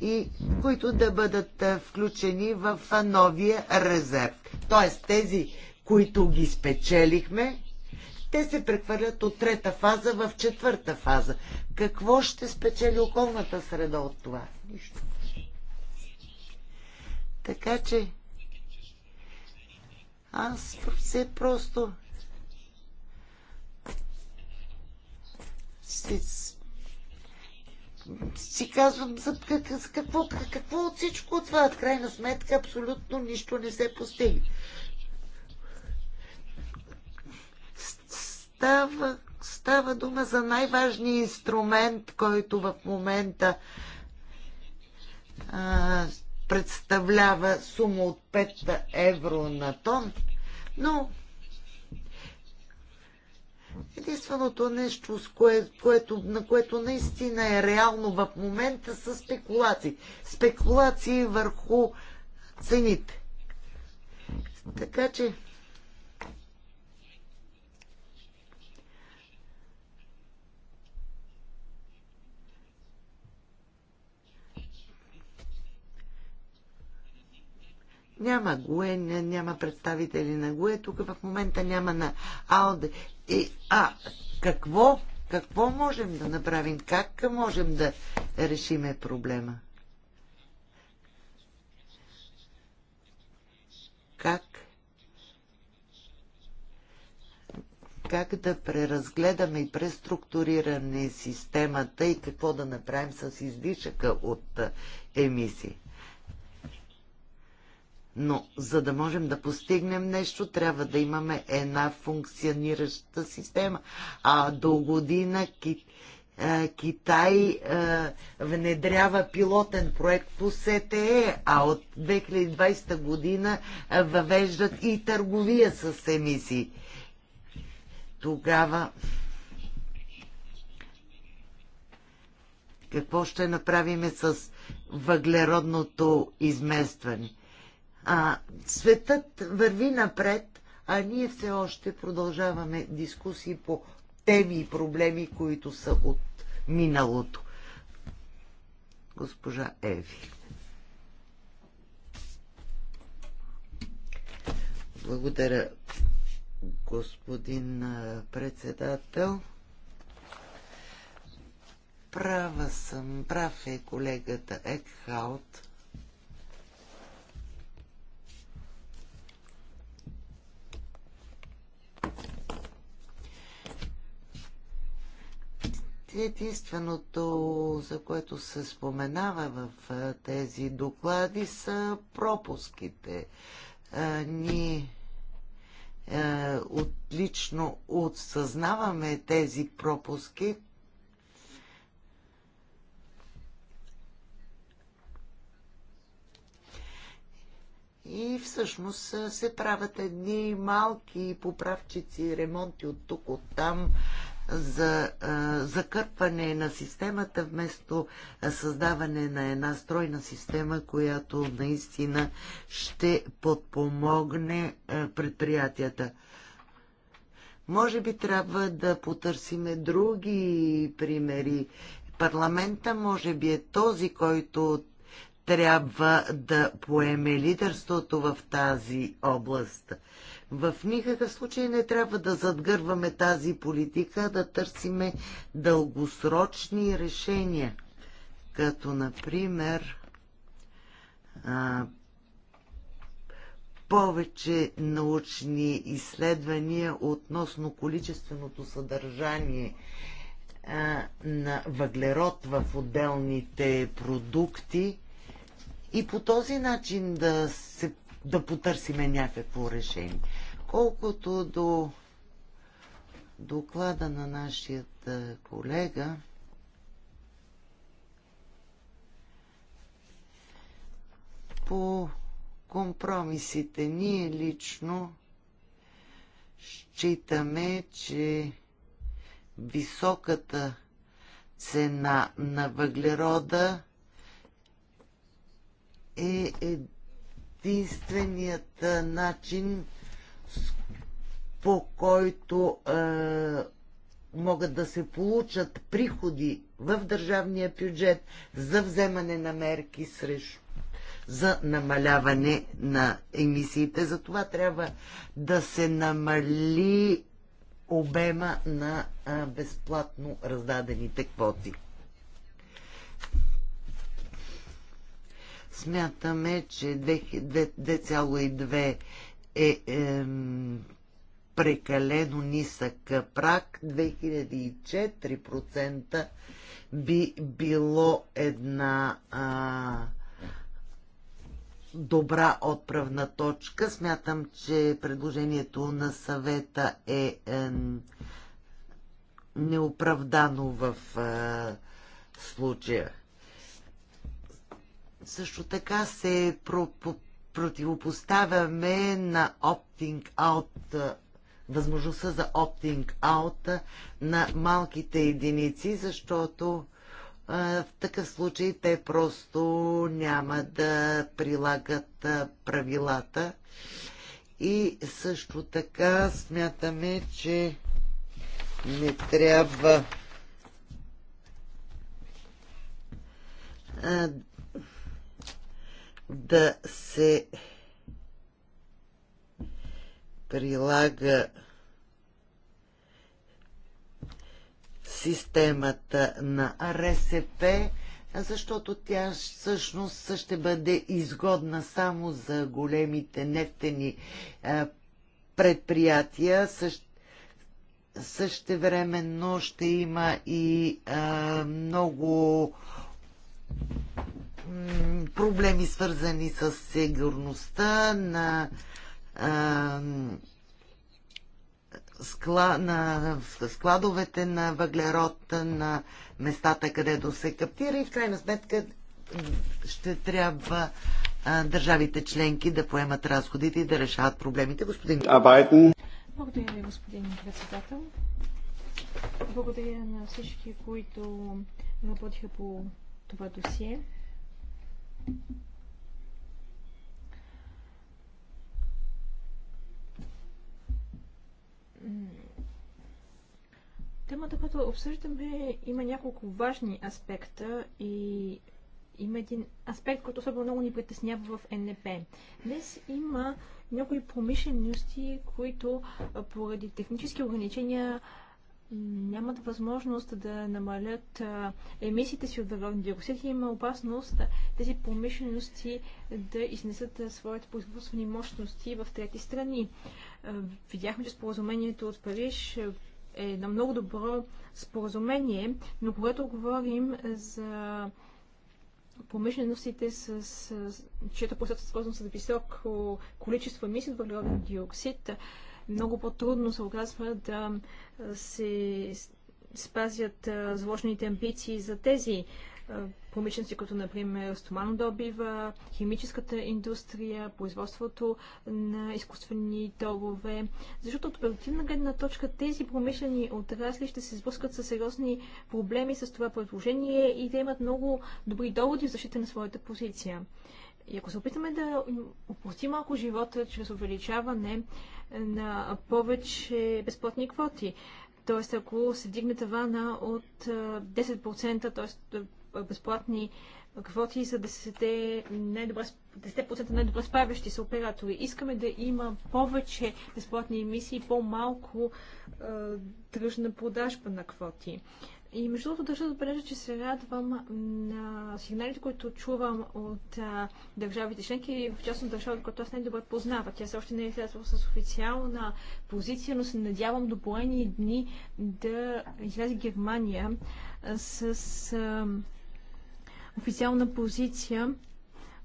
и които да бъдат включени в новия резерв. Т.е. тези, които ги спечелихме, те се прехвърлят от трета фаза в четвърта фаза. Какво ще спечели околната среда от това? Нищо. Така че аз все просто си, си казвам за какво, какво от всичко това. В крайна сметка абсолютно нищо не се постига. става, става дума за най-важния инструмент, който в момента а, представлява сума от 5 евро на тон, но единственото нещо, с кое, което, на което наистина е реално в момента са спекулации. Спекулации върху цените. Така че Няма ГУЕ, няма представители на ГУЕ, тук в момента няма на АОДЕ. И, е, а какво, какво можем да направим? Как можем да решиме проблема? Как как да преразгледаме и преструктурираме системата и какво да направим с издишъка от емисии. Но за да можем да постигнем нещо, трябва да имаме една функционираща система. А до година е, Китай е, внедрява пилотен проект по СТЕ, а от 2020 година е, въвеждат и търговия с емисии. Тогава какво ще направим с въглеродното изместване? А, светът върви напред, а ние все още продължаваме дискусии по теми и проблеми, които са от миналото. Госпожа Еви. Благодаря, господин председател. Права съм, прав е колегата Екхаут. Единственото, за което се споменава в тези доклади, са пропуските. Ние отлично отсъзнаваме тези пропуски, И всъщност се правят едни малки поправчици, ремонти от тук, от там, за закърпване на системата, вместо създаване на една стройна система, която наистина ще подпомогне предприятията. Може би трябва да потърсиме други примери. Парламента може би е този, който трябва да поеме лидерството в тази област. В никакъв случай не трябва да задгърваме тази политика, да търсиме дългосрочни решения, като например а, повече научни изследвания относно количественото съдържание а, на въглерод в отделните продукти и по този начин да, се, да потърсиме някакво решение. Колкото до доклада на нашия колега, по компромисите ние лично считаме, че високата цена на въглерода е единственият начин по който е, могат да се получат приходи в държавния бюджет за вземане на мерки срещу за намаляване на емисиите. За това трябва да се намали обема на а, е, безплатно раздадените квоти. Смятаме, че 2,2 е, е прекалено нисък прак. 2004% би било една а, добра отправна точка. Смятам, че предложението на съвета е, е неоправдано в е, случая. Също така се противопоставяме на оптинг-аут възможността за оптинг out на малките единици, защото в такъв случай те просто няма да прилагат правилата. И също така смятаме, че не трябва да се прилага системата на РСП, защото тя всъщност ще бъде изгодна само за големите нефтени е, предприятия. Също същевременно ще има и е, много проблеми свързани с сигурността на на складовете на въглерод, на местата, където се каптира и в крайна сметка ще трябва държавите членки да поемат разходите и да решават проблемите. Господин Абайтен. Благодаря ви, господин председател. Благодаря на всички, които работиха по това досие. Темата, която обсъждаме, има няколко важни аспекта и има един аспект, който особено много ни притеснява в НП. Днес има някои промишлености, които поради технически ограничения нямат възможност да намалят емисиите си от въглероден диоксид и има опасност тези промишлености да изнесат своите производствени мощности в трети страни. Видяхме, че споразумението от Париж е на много добро споразумение, но когато говорим за промишленостите, с, с, чието посетство е с високо количество емисии от въглероден диоксид, много по-трудно се оказва да се спазят заложените амбиции за тези промишленци, като например стоманодобива, химическата индустрия, производството на изкуствени торове. Защото от оперативна гледна точка тези промишлени отрасли ще се сблъскат с сериозни проблеми с това предложение и да имат много добри доводи в защита на своята позиция. И ако се опитаме да упростим малко живота чрез увеличаване на повече безплатни квоти. Тоест, ако се дигне тавана от 10%, т.е. безплатни квоти за 10%, най-добре, справящи се оператори. Искаме да има повече безплатни емисии, по-малко тръжна продажба на квоти. И между другото държа да отбележа, че се радвам на сигналите, които чувам от а, държавите членки, в частност държавата, която аз най-добре познавам. Тя все още не е излязла с официална позиция, но се надявам до поени дни да излезе Германия с а, официална позиция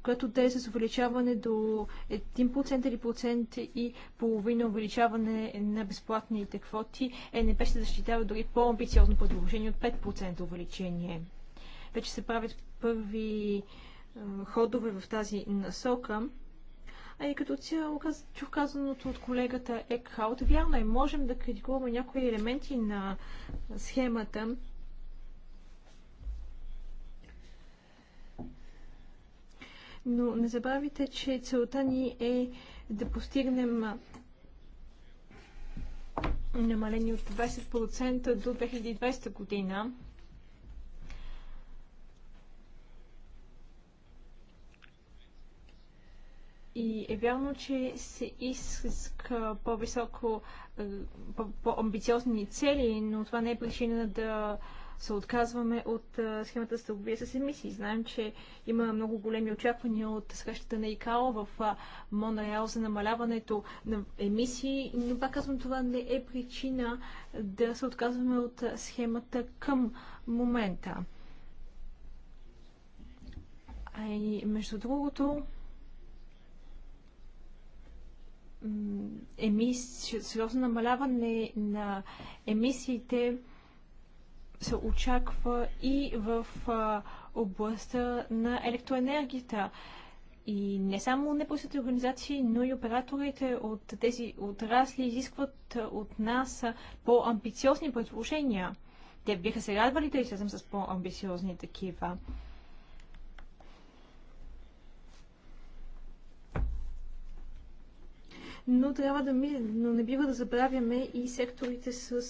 което те е с увеличаване до 1% или процент и половина увеличаване на безплатните квоти, ЕНП ще защитава дори по-амбициозно предложение от 5% увеличение. Вече се правят първи ходове в тази насока. А и като цяло, чух казаното от колегата Екхаут, вярно е, можем да критикуваме някои елементи на схемата, но не забравяйте, че целта ни е да постигнем намалени от 20% до 2020 година. И е вярно, че се иска по-високо, по-амбициозни -по цели, но това не е причина да се отказваме от схемата за търговия с емисии. Знаем, че има много големи очаквания от срещата на ИКАО в Монреал за намаляването на емисии, но пак казвам, това не е причина да се отказваме от схемата към момента. А и между другото, емис... сериозно намаляване на емисиите се очаква и в областта на електроенергията. И не само непростите организации, но и операторите от тези отрасли изискват от нас по-амбициозни предложения. Те биха се радвали да излезем с по-амбициозни такива. Но трябва да мислим, но не бива да забравяме и секторите с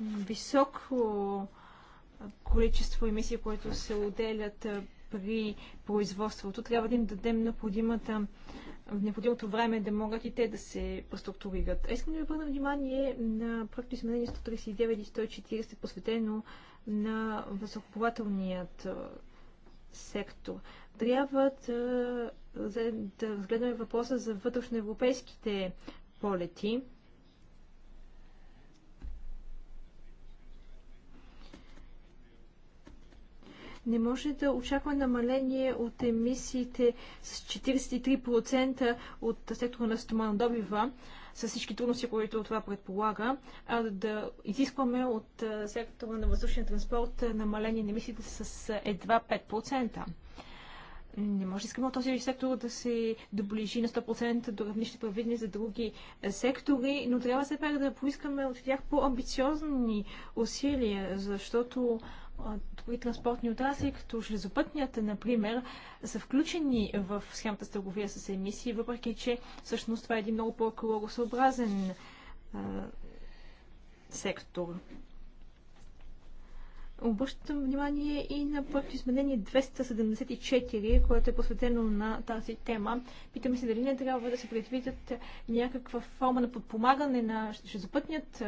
високо количество емисии, които се отделят при производството, трябва да им дадем необходимата, необходимото време да могат и те да се преструктурират. Искам да ви обърна внимание на проекто изменение 139 и 140, посветено на въздухоплавателният сектор. Трябва да, да разгледаме въпроса за вътрешноевропейските полети, Не може да очаква намаление от емисиите с 43% от сектора на стоманодобива, с всички трудности, които това предполага, а да изискваме от сектора на въздушния транспорт намаление на емисиите с едва 5%. Не може да искаме от този сектор да се доближи на 100% до равнище правидни за други сектори, но трябва все пак да поискаме от тях по-амбициозни усилия, защото други транспортни отрасли, като железопътнията, например, са включени в схемата с търговия с емисии, въпреки че всъщност това е един много по-екологосъобразен сектор. Обръщам внимание и на проект изменение 274, което е посветено на тази тема. Питаме се дали не трябва да се предвидят някаква форма на подпомагане на железопътният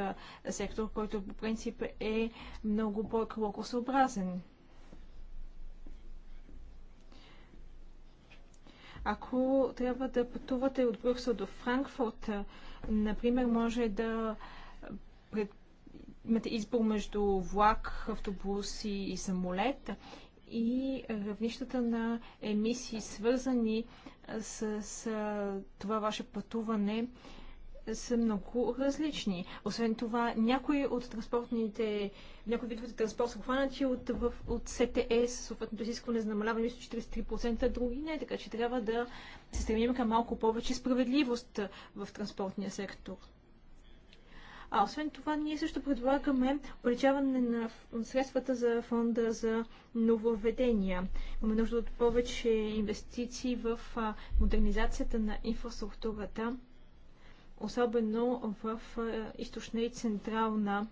сектор, който по принцип е много по-екологосъобразен. Ако трябва да пътувате от Брюксел до Франкфурт, например, може да пред имате избор между влак, автобус и, и самолет и равнищата на емисии, свързани с, с това ваше пътуване, са много различни. Освен това, някои от транспортните, някои видовете транспорт са хванати от, в, от СТС, съответното изискване за намаляване с 43%, а други не. Така че трябва да се стремим към малко повече справедливост в транспортния сектор. А освен това, ние също предлагаме увеличаване на средствата за фонда за нововведения. Имаме нужда от повече инвестиции в модернизацията на инфраструктурата, особено в източна и централна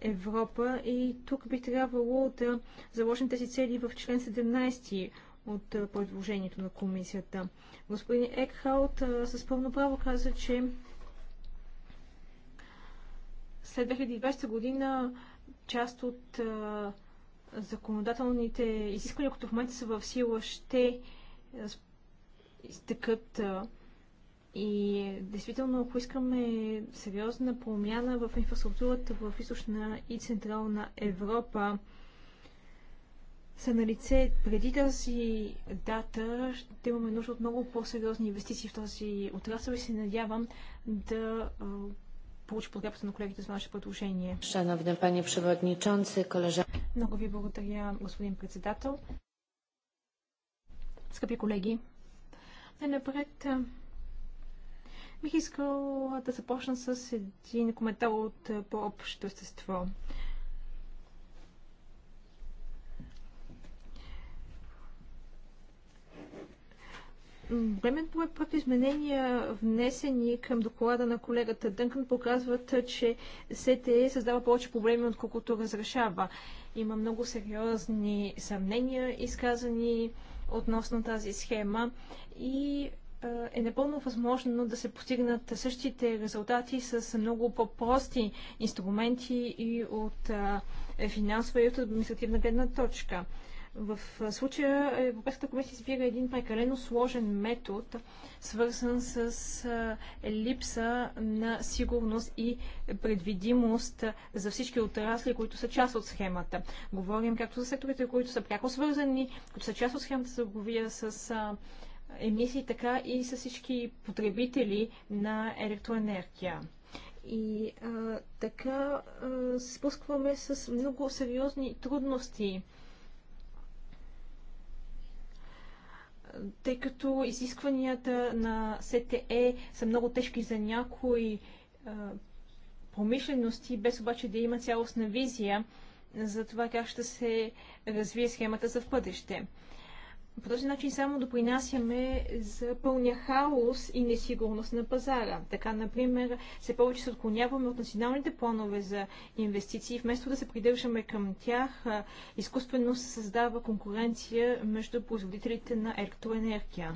Европа. И тук би трябвало да заложим тези цели в член 17 от предложението на комисията. Господин Екхаут с пълно право каза, че след 2020 година част от а, законодателните изисквания, които в момента са в сила, ще изтъкат и действително, ако искаме сериозна промяна в инфраструктурата в източна и централна Европа, са на лице преди тази дата, ще имаме нужда от много по-сериозни инвестиции в този отрасъл и се надявам да получи подкрепата на колегите за наше предложение. пани Много ви благодаря, господин председател. Скъпи колеги, най-напред бих искал да започна с един коментар от по-общо естество. Времен проект изменения, внесени към доклада на колегата Дънкън, показват, че СТЕ създава повече проблеми, отколкото разрешава. Има много сериозни съмнения, изказани относно тази схема и е напълно възможно да се постигнат същите резултати с много по-прости инструменти и от финансова и от административна гледна точка. В случая Европейската комисия избира един прекалено сложен метод, свързан с липса на сигурност и предвидимост за всички отрасли, които са част от схемата. Говорим както за секторите, които са пряко свързани, които са част от схемата за търговия с емисии, така и с всички потребители на електроенергия. И а, така а, се спускваме с много сериозни трудности тъй като изискванията на СТЕ са много тежки за някои промишлености, без обаче да има цялостна визия за това как ще се развие схемата за в бъдеще. По този начин само допринасяме за пълния хаос и несигурност на пазара. Така, например, се повече се отклоняваме от националните планове за инвестиции, вместо да се придържаме към тях, изкуствено се създава конкуренция между производителите на електроенергия.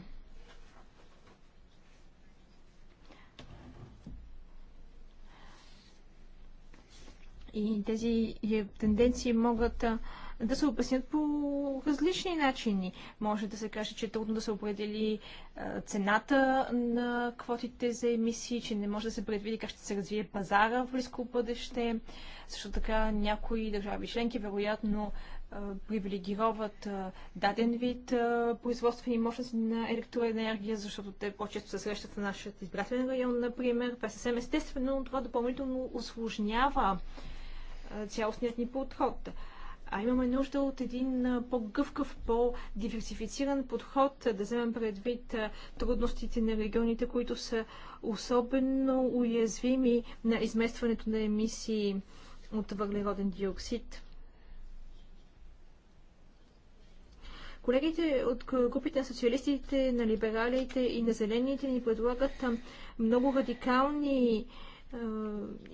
И тези е, тенденции могат да се обяснят по различни начини. Може да се каже, че е трудно да се определи цената на квотите за емисии, че не може да се предвиди как ще се развие пазара в близко бъдеще. Също така някои държави членки вероятно привилегироват даден вид производствени мощности на електроенергия, защото те по-често се срещат в нашия избирателен район, например. Това е съвсем естествено, но това допълнително осложнява цялостният ни подход. А имаме нужда от един по-гъвкав, по-диверсифициран подход, да вземем предвид трудностите на регионите, които са особено уязвими на изместването на емисии от въглероден диоксид. Колегите от групите на социалистите, на либералите и на зелените ни предлагат много радикални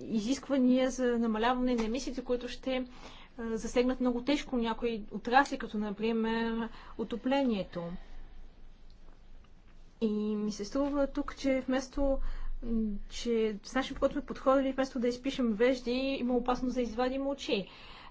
изисквания за намаляване на емисиите, които ще засегнат много тежко някои отрасли, като например отоплението. И ми се струва тук, че вместо че с нашим път сме подходили, вместо да изпишем вежди, има опасност да извадим очи.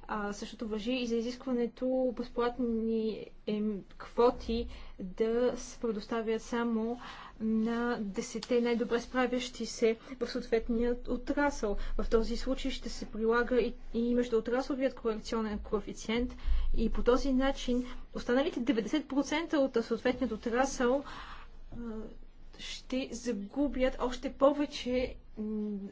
А, същото въжи и за изискването безплатни е, квоти да се предоставят само на десете най-добре справящи се в съответният отрасъл. В този случай ще се прилага и, и отрасловият корекционен коефициент и по този начин останалите 90% от съответният отрасъл ще загубят още повече,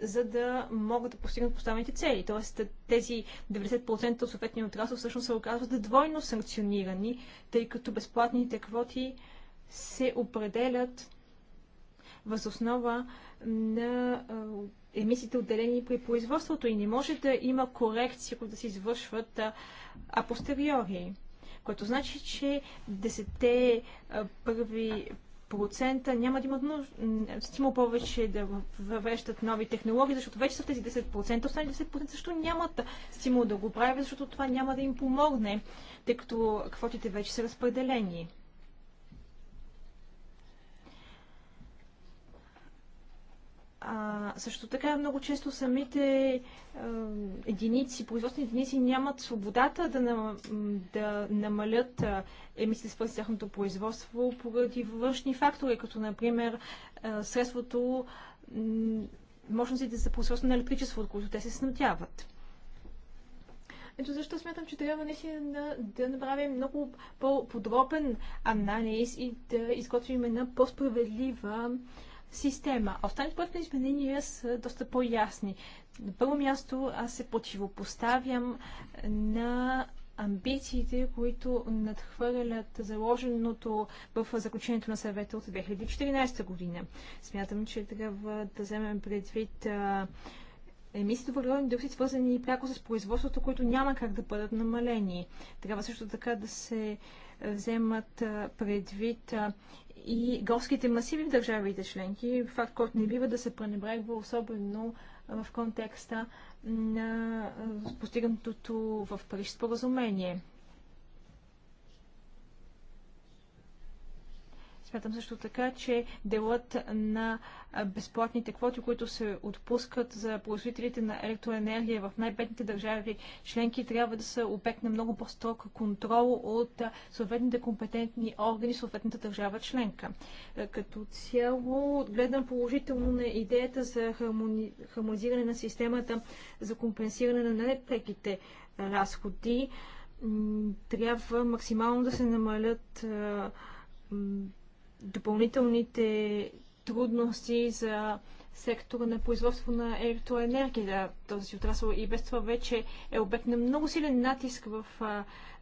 за да могат да постигнат поставените цели. Тоест тези 90% от съответния отрасъл всъщност се оказват двойно санкционирани, тъй като безплатните квоти се определят възоснова на емисиите отделени при производството и не може да има корекции, които да се извършват апостериори. Което значи, че 10 първи процента няма да имат нужда, стимул повече да въвеждат нови технологии, защото вече са в тези 10%. останали 10% също нямат стимул да го правят, защото това няма да им помогне, тъй като квотите вече са разпределени. А, също така много често самите а, единици, производствени единици нямат свободата да, на, да намалят емисиите свързани с тяхното производство поради външни фактори, като например а, средството, мощностите за производство на електричество, от което те се снатяват. Ето защо смятам, че трябва наистина да, да направим много по-подробен анализ и да изготвим една по-справедлива а, система. А останалите проектни изменения са доста по-ясни. На първо място аз се противопоставям на амбициите, които надхвърлят заложеното в заключението на съвета от 2014 година. Смятам, че трябва да вземем предвид емисиите въглеродни диоксид, свързани пряко с производството, които няма как да бъдат намалени. Трябва също така да се вземат предвид и горските масиви в държавите членки, факт, който не бива да се пренебрегва, особено в контекста на постигнатото в Париж споразумение. Смятам също така, че делът на безплатните квоти, които се отпускат за производителите на електроенергия в най-бедните държави членки, трябва да са обект на много по-строг контрол от съответните компетентни органи, съответната държава членка. Като цяло, гледам положително на идеята за хармони... хармонизиране на системата за компенсиране на непреките разходи. Трябва максимално да се намалят допълнителните трудности за сектора на производство на електроенергия. Този отрасъл и без това вече е обект на много силен натиск в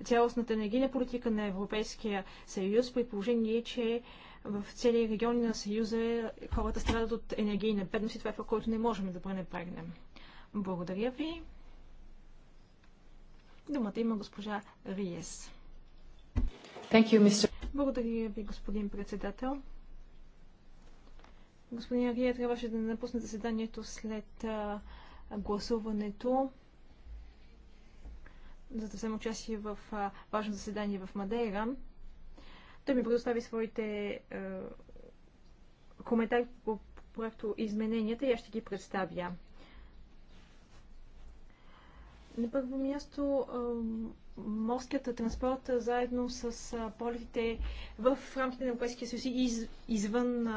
цялостната енергийна политика на Европейския съюз, при положение, че в цели региони на Съюза хората страдат от енергийна бедност и това е това, което не можем да пренебрегнем. Благодаря ви. Думата има госпожа Риес. Thank you, Mr. Благодаря ви, господин председател. Господин Ария трябваше да напусне заседанието след а, гласуването, за да вземе участие в а, важно заседание в Мадейра. Той ми предостави своите а, коментари по проекто измененията и аз ще ги представя. На първо място морският транспорт заедно с полетите в рамките на Европейския съюз и из, извън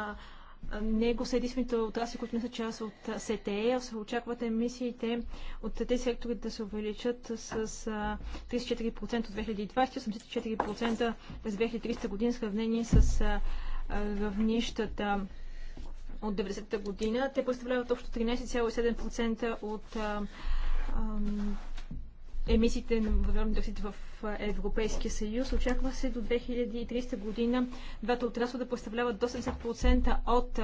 него са единствените отрасли, които не са част от СТЕ, се очакват емисиите от тези сектори да се увеличат с 34% от 2020, 84% през 2300 година, в сравнение с равнищата от 90-та година. Те представляват общо 13,7% от емисиите на въглеродни диоксид в Европейския съюз. Очаква се до 2030 година двата отрасла да представляват до 70% от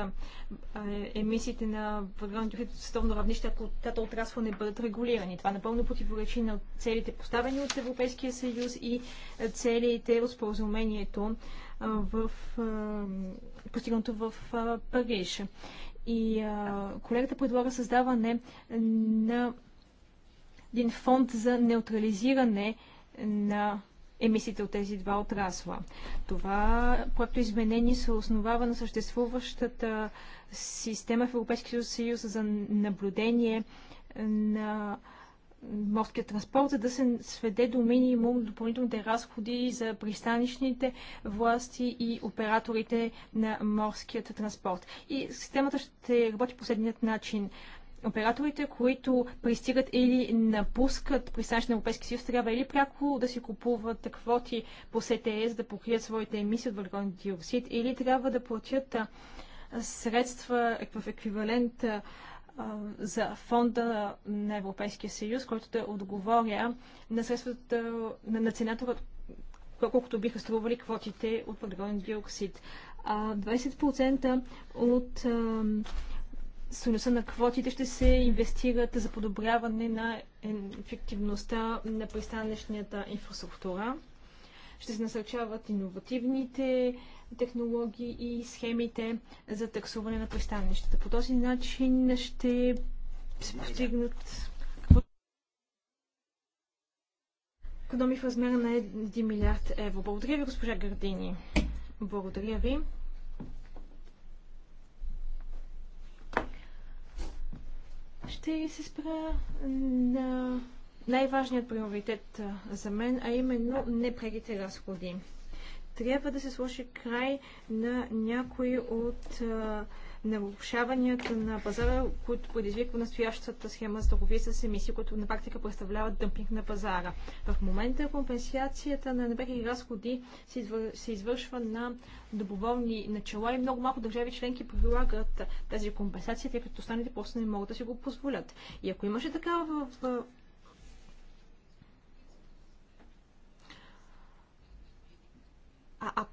емисиите на въглеродни диоксид от световно равнище, ако двата отрасла не бъдат регулирани. Това напълно противоречи на целите поставени от Европейския съюз и целите от споразумението в постигнато в Париж. И колегата предлага създаване на един фонд за неутрализиране на емисиите от тези два отрасла. Това проекто изменение се основава на съществуващата система в Европейския съюз за наблюдение на морския транспорт, за да се сведе до минимум допълнителните разходи за пристанищните власти и операторите на морският транспорт. И системата ще работи по следният начин операторите, които пристигат или напускат пристанище на Европейския съюз, трябва или пряко да си купуват квоти по СТС е, да покрият своите емисии от въглероден диоксид, или трябва да платят средства в еквивалент за фонда на Европейския съюз, който да отговоря на средствата, на цената, колкото биха стрували квотите от въглероден диоксид. 20% от Съюза на квотите ще се инвестират за подобряване на ефективността на пристанищната инфраструктура. Ще се насърчават иновативните технологии и схемите за таксуване на пристанищата. По този начин ще се постигнат економи в размера на 1 милиард евро. Благодаря ви, госпожа Гардини. Благодаря ви. Ще се спра на най-важният приоритет за мен, а именно непреките разходи. Трябва да се сложи край на някои от нарушаванията на пазара, които предизвиква настоящата схема за търговия с емисии, които на практика представляват дъмпинг на пазара. В момента компенсацията на небеги разходи се, се извършва на доброволни начала и много малко държави членки прилагат тази компенсация, тъй като останалите просто не могат да си го позволят. И ако имаше такава в А, а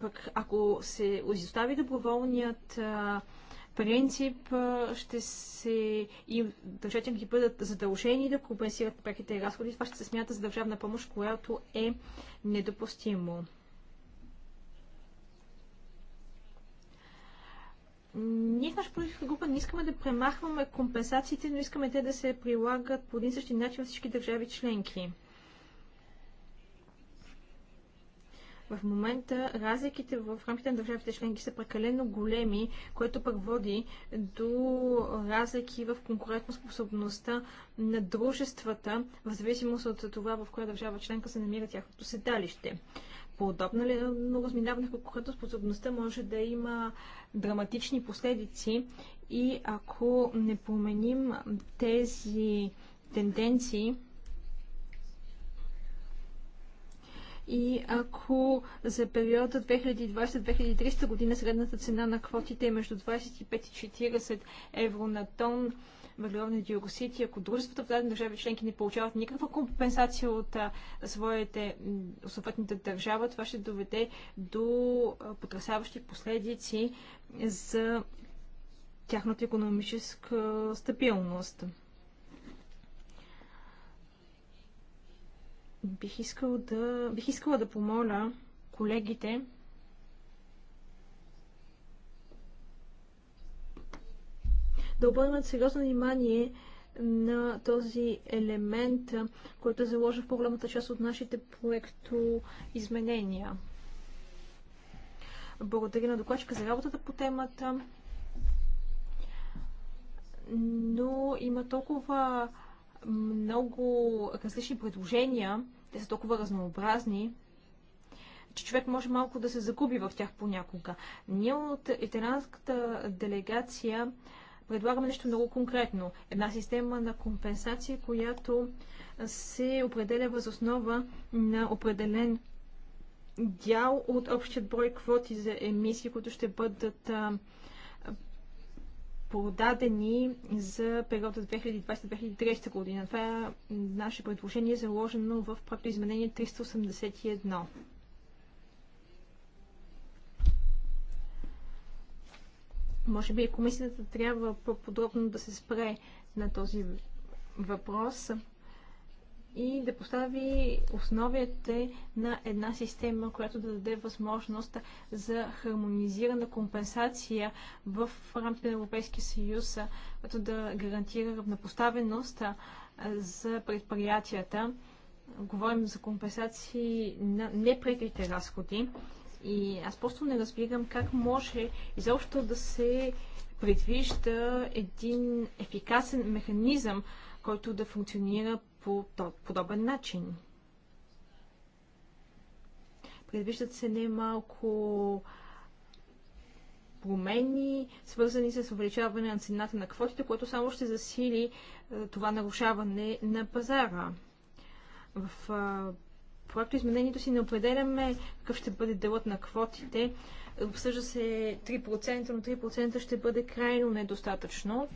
пък ако се изостави доброволният а, принцип, а, ще се и държавите ги бъдат задължени да компенсират преките разходи. Това ще се смята за държавна помощ, която е недопустимо. Ние в нашата политическа група не искаме да премахваме компенсациите, но искаме те да се прилагат по един същи начин във всички държави членки. В момента разликите в рамките на държавите членки са прекалено големи, което пък води до разлики в конкурентоспособността на дружествата, в зависимост от това в коя държава членка се намира тяхното седалище. Подобно ли на разминаване в конкурентоспособността може да има драматични последици и ако не променим тези тенденции, и ако за периода 2020-2030 година средната цена на квотите е между 25 и 40 евро на тон въглеродни диоксид и ако дружествата в дадени държави членки не получават никаква компенсация от а, своите съответните държава, това ще доведе до потрясаващи последици за тяхната економическа стабилност. Бих, искал да, бих искала да помоля колегите да обърнат сериозно внимание на този елемент, който е заложен в по-голямата част от нашите проекто изменения. Благодаря на докладчика за работата по темата, но има толкова много различни предложения те са толкова разнообразни, че човек може малко да се загуби в тях понякога. Ние от италианската делегация предлагаме нещо много конкретно. Една система на компенсация, която се определя въз основа на определен дял от общият брой квоти за емисии, които ще бъдат продадени за периода 2020-2030 година. Това е наше предложение, е заложено в проекто изменение 381. Може би комисията трябва по-подробно да се спре на този въпрос и да постави основите на една система, която да даде възможност за хармонизирана компенсация в рамките на Европейския съюз, като да гарантира равнопоставеност за предприятията. Говорим за компенсации на непреките разходи. И аз просто не разбирам как може изобщо да се предвижда един ефикасен механизъм, който да функционира по подобен начин. Предвиждат се немалко промени, свързани с увеличаване на цената на квотите, което само ще засили е, това нарушаване на пазара. В е, проекто изменението си не определяме какъв ще бъде делът на квотите. Обсъжда се 3%, но 3% ще бъде крайно недостатъчно.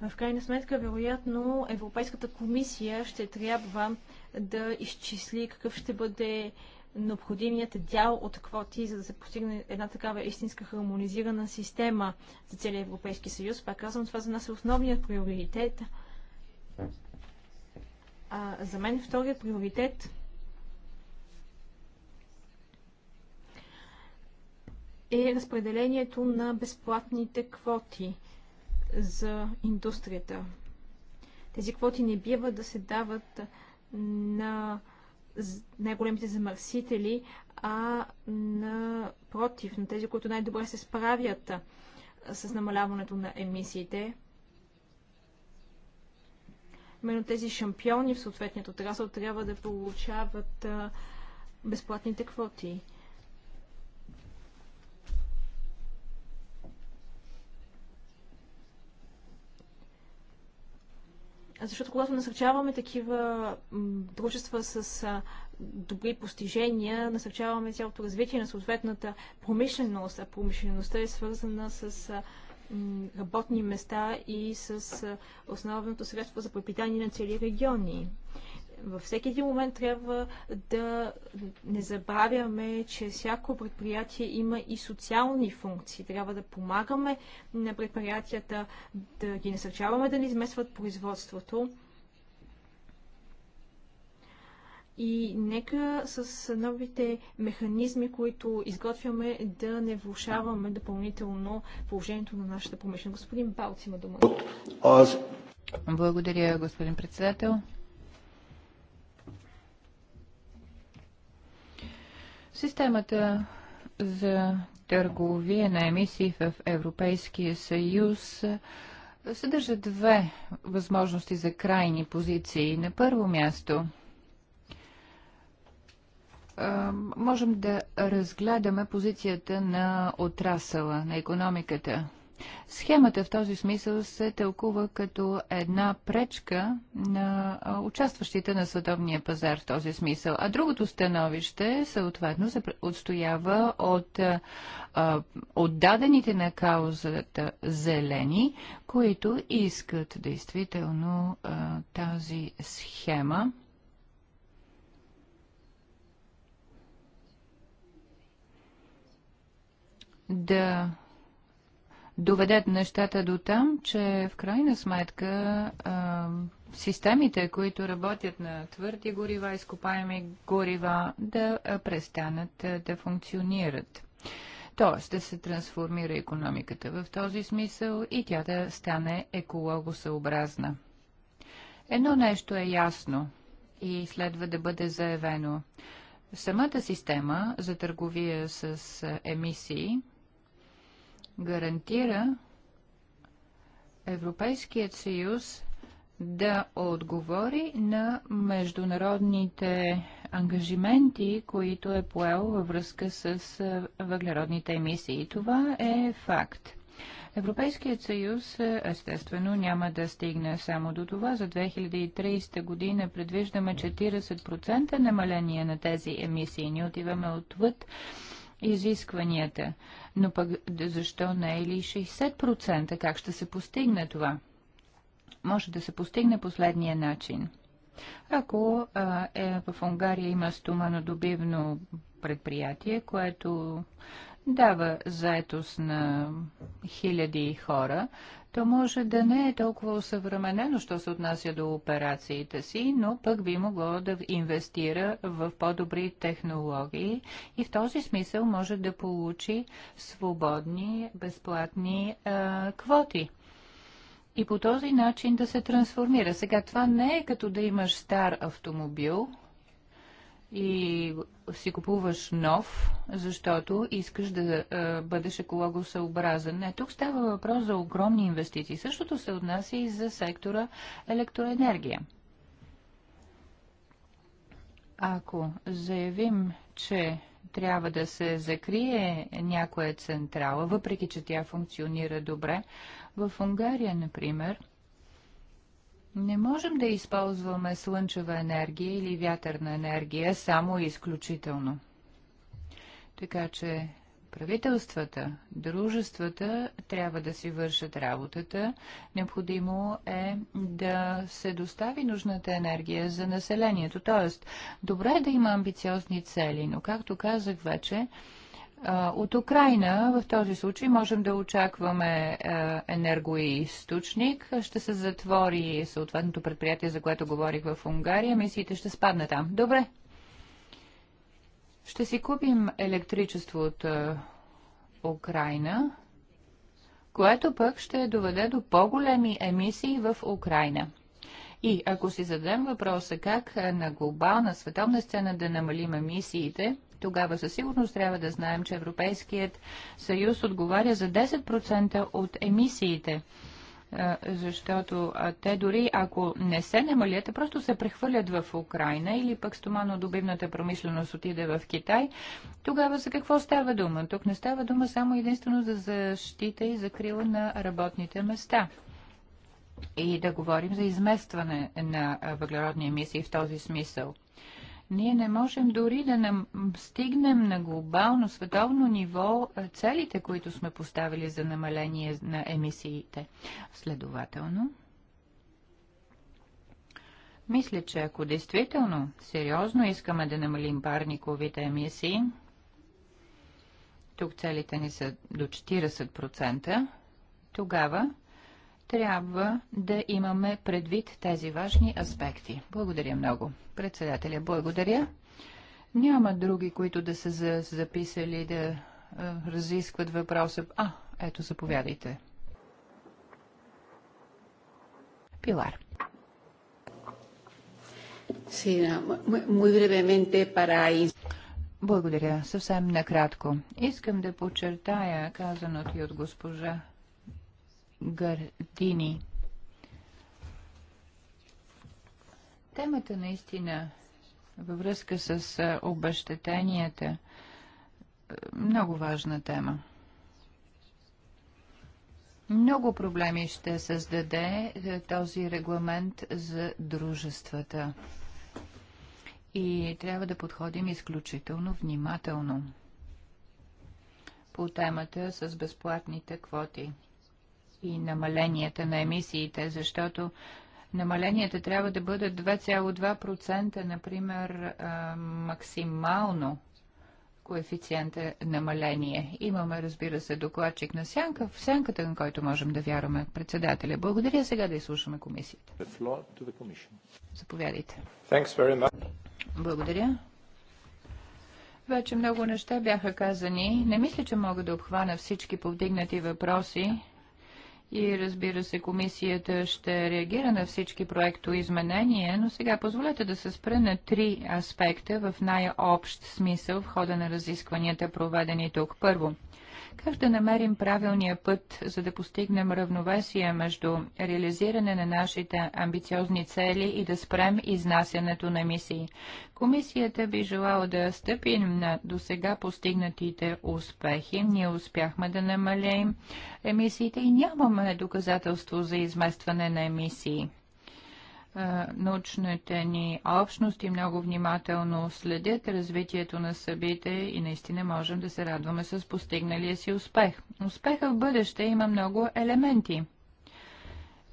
В крайна сметка, вероятно, Европейската комисия ще трябва да изчисли какъв ще бъде необходимият дял от квоти, за да се постигне една такава истинска хармонизирана система за целия Европейски съюз. Пак казвам, това за нас е основният приоритет. А, за мен вторият приоритет е разпределението на безплатните квоти за индустрията. Тези квоти не бива да се дават на най-големите замърсители, а на против, на тези, които най-добре се справят с намаляването на емисиите. Именно тези шампиони в съответният отрасъл трябва да получават безплатните квоти. Защото когато насърчаваме такива дружества с добри постижения, насърчаваме цялото развитие на съответната промишленост, а промишлеността е свързана с работни места и с основното средство за препитание на цели региони във всеки един момент трябва да не забравяме, че всяко предприятие има и социални функции. Трябва да помагаме на предприятията, да ги насърчаваме да не изместват производството. И нека с новите механизми, които изготвяме, да не влушаваме допълнително положението на нашата промишленост. Господин Балц има дума. Благодаря, господин председател. Системата за търговия на емисии в Европейския съюз съдържа две възможности за крайни позиции. На първо място можем да разгледаме позицията на отрасъла, на економиката – Схемата в този смисъл се тълкува като една пречка на участващите на световния пазар в този смисъл. А другото становище съответно се отстоява от отдадените на каузата зелени, които искат действително тази схема да доведат нещата до там, че в крайна сметка а, системите, които работят на твърди горива, изкопаеми горива, да престанат да функционират. Тоест да се трансформира економиката в този смисъл и тя да стане екологосъобразна. Едно нещо е ясно и следва да бъде заявено. Самата система за търговия с емисии гарантира Европейският съюз да отговори на международните ангажименти, които е поел във връзка с е, въглеродните емисии. Това е факт. Европейският съюз е, естествено няма да стигне само до това. За 2030 година предвиждаме 40% намаление на тези емисии. Ние отиваме отвъд изискванията. Но пък защо не е ли 60%? Как ще се постигне това? Може да се постигне последния начин. Ако а, е, в Унгария има стоманодобивно предприятие, което дава заетост на хиляди хора, то може да не е толкова усъвременено, що се отнася до операциите си, но пък би могло да инвестира в по-добри технологии и в този смисъл може да получи свободни, безплатни а, квоти и по този начин да се трансформира. Сега това не е като да имаш стар автомобил, и си купуваш нов, защото искаш да а, е, бъдеш екологосъобразен. Не, тук става въпрос за огромни инвестиции. Същото се отнася и за сектора електроенергия. Ако заявим, че трябва да се закрие някоя централа, въпреки че тя функционира добре, в Унгария, например, не можем да използваме слънчева енергия или вятърна енергия само и изключително. Така че правителствата, дружествата трябва да си вършат работата. Необходимо е да се достави нужната енергия за населението. Тоест, добре е да има амбициозни цели, но както казах вече, от Украина в този случай можем да очакваме енергоисточник. Ще се затвори съответното предприятие, за което говорих в Унгария. Емисиите ще спадна там. Добре. Ще си купим електричество от Украина, което пък ще доведе до по-големи емисии в Украина. И ако си зададем въпроса как на глобална световна сцена да намалим емисиите – тогава със сигурност трябва да знаем, че Европейският съюз отговаря за 10% от емисиите защото те дори ако не се намалят, просто се прехвърлят в Украина или пък стоманодобивната промишленост отиде в Китай, тогава за какво става дума? Тук не става дума само единствено за защита и закрила на работните места. И да говорим за изместване на въглеродни емисии в този смисъл. Ние не можем дори да нам стигнем на глобално световно ниво е, целите, които сме поставили за намаление на емисиите. Следователно, мисля, че ако действително сериозно искаме да намалим парниковите емисии, тук целите ни са до 40%, тогава трябва да имаме предвид тези важни аспекти. Благодаря много. Председателя, благодаря. Няма други, които да са записали да разискват въпроса. А, ето, заповядайте. Пилар. Благодаря. Съвсем накратко. Искам да подчертая казаното и от госпожа Гърдини. Темата наистина във връзка с обещетенията е, много важна тема. Много проблеми ще създаде е, този регламент за дружествата. И трябва да подходим изключително внимателно по темата с безплатните квоти и намаленията на емисиите, защото намаленията трябва да бъдат 2,2%, например, максимално коефициент е намаление. Имаме, разбира се, докладчик на сянка, в сянката на който можем да вярваме председателя. Благодаря сега да изслушаме комисията. Заповядайте. Благодаря. Вече много неща бяха казани. Не мисля, че мога да обхвана всички повдигнати въпроси и разбира се комисията ще реагира на всички проекто изменения, но сега позволете да се спра на три аспекта в най-общ смисъл в хода на разискванията, проведени тук. Първо, как да намерим правилния път, за да постигнем равновесие между реализиране на нашите амбициозни цели и да спрем изнасянето на емисии? Комисията би желала да стъпим на досега постигнатите успехи. Ние успяхме да намалим емисиите и нямаме доказателство за изместване на емисии научните ни общности много внимателно следят развитието на събите и наистина можем да се радваме с постигналия си успех. Успеха в бъдеще има много елементи.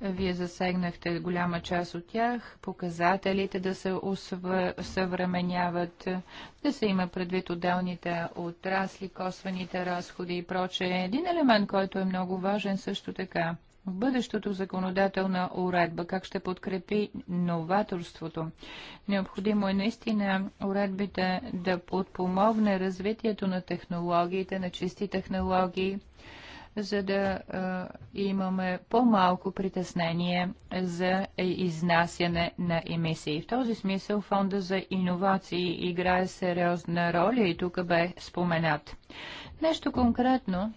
Вие засегнахте голяма част от тях, показателите да се съвременяват, да се има предвид отделните отрасли, косвените разходи и прочее. Един елемент, който е много важен също така – в бъдещото законодателна уредба, как ще подкрепи новаторството. Необходимо е наистина уредбите да подпомогне развитието на технологиите, на чисти технологии, за да е, имаме по-малко притеснение за изнасяне на емисии. В този смисъл фонда за иновации играе сериозна роля и тук бе споменат. Нещо конкретно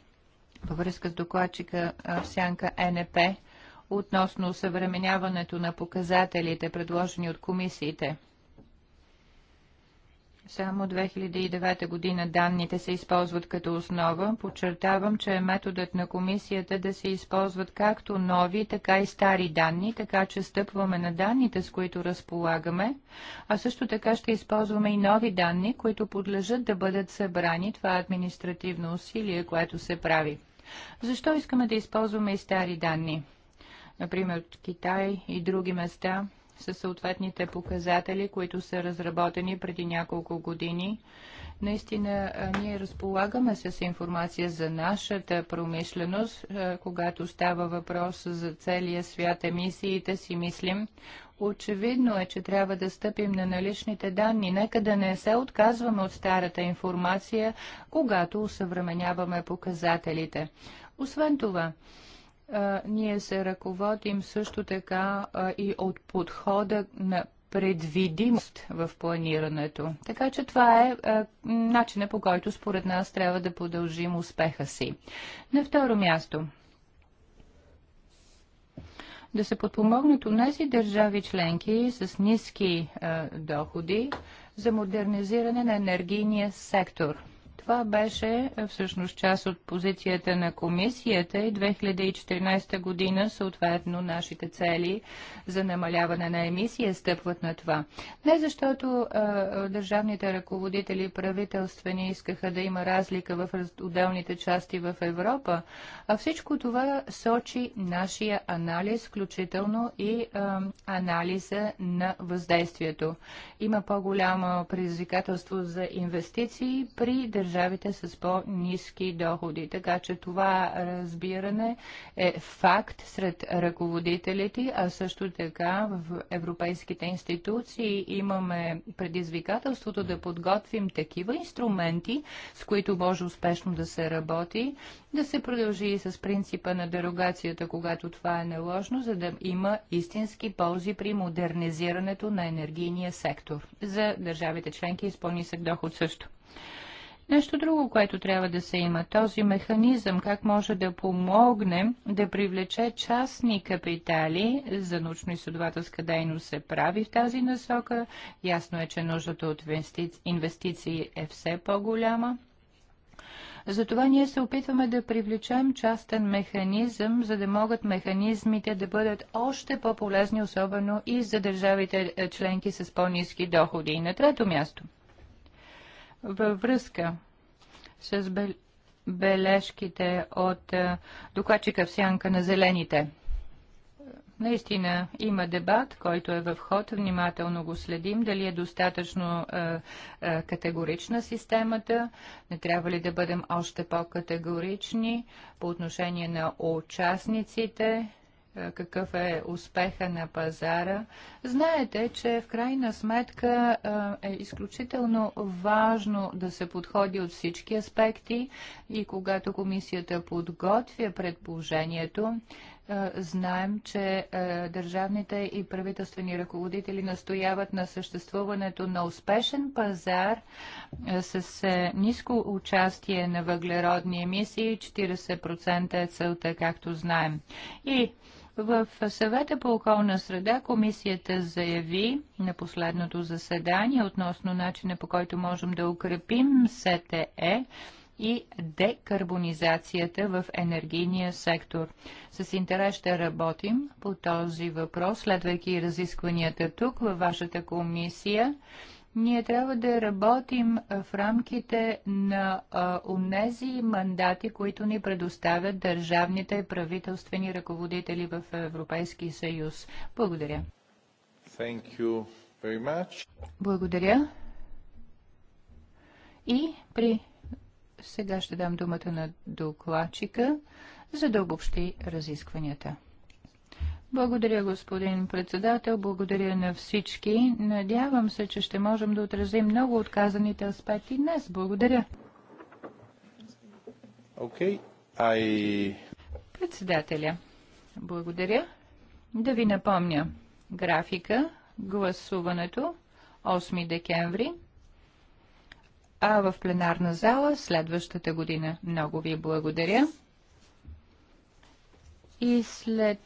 във връзка с докладчика в сянка НП относно съвременяването на показателите, предложени от комисиите. Само 2009 година данните се използват като основа. Подчертавам, че е методът на комисията да се използват както нови, така и стари данни, така че стъпваме на данните, с които разполагаме, а също така ще използваме и нови данни, които подлежат да бъдат събрани. Това е административно усилие, което се прави. Защо искаме да използваме и стари данни? Например, от Китай и други места със съответните показатели, които са разработени преди няколко години. Наистина, ние разполагаме с информация за нашата промишленост, когато става въпрос за целия свят емисиите, си мислим Очевидно е, че трябва да стъпим на наличните данни. Нека да не се отказваме от старата информация, когато усъвременяваме показателите. Освен това, ние се ръководим също така и от подхода на предвидимост в планирането. Така че това е, е начинът по който според нас трябва да продължим успеха си. На второ място – да се подпомогнат у нези държави членки с ниски е, доходи за модернизиране на енергийния сектор – това беше е, всъщност част от позицията на комисията и 2014 година съответно нашите цели за намаляване на емисия стъпват на това. Не защото а, е, държавните ръководители и правителствени искаха да има разлика в отделните части в Европа, а всичко това сочи нашия анализ, включително и а, е, анализа на въздействието. Има по-голямо предизвикателство за инвестиции при държавните държавите с по-низки доходи. Така че това разбиране е факт сред ръководителите, а също така в европейските институции имаме предизвикателството да подготвим такива инструменти, с които може успешно да се работи, да се продължи и с принципа на дерогацията, когато това е наложно, за да има истински ползи при модернизирането на енергийния сектор за държавите членки и е с по-нисък доход също. Нещо друго, което трябва да се има, този механизъм, как може да помогне да привлече частни капитали за научно-изследователска дейност се прави в тази насока. Ясно е, че нуждата от инвестиции е все по-голяма. Затова ние се опитваме да привлечем частен механизъм, за да могат механизмите да бъдат още по-полезни, особено и за държавите е, членки с по-низки доходи. И на трето място – във връзка с бележките от докладчика в сянка на зелените. Наистина има дебат, който е в ход. Внимателно го следим. Дали е достатъчно е, е, категорична системата? Не трябва ли да бъдем още по-категорични по отношение на участниците? Е, какъв е успеха на пазара. Знаете, че в крайна сметка е, е изключително важно да се подходи от всички аспекти и когато комисията подготвя предположението, е, знаем, че държавните и правителствени ръководители настояват на съществуването на успешен пазар с ниско участие на въглеродни емисии, 40% е целта, както знаем. И в съвета по околна среда комисията заяви на последното заседание относно начина по който можем да укрепим СТЕ и декарбонизацията в енергийния сектор. С интерес ще работим по този въпрос, следвайки разискванията тук във вашата комисия ние трябва да работим в рамките на онези мандати, които ни предоставят държавните и правителствени ръководители в Европейския съюз. Благодаря. Thank you very much. Благодаря. И при... сега ще дам думата на докладчика, за да обобщи разискванията. Благодаря, господин председател. Благодаря на всички. Надявам се, че ще можем да отразим много от казаните аспекти днес. Благодаря. Okay. I... Председателя, благодаря. Да ви напомня графика, гласуването 8 декември, а в пленарна зала следващата година. Много ви благодаря. И след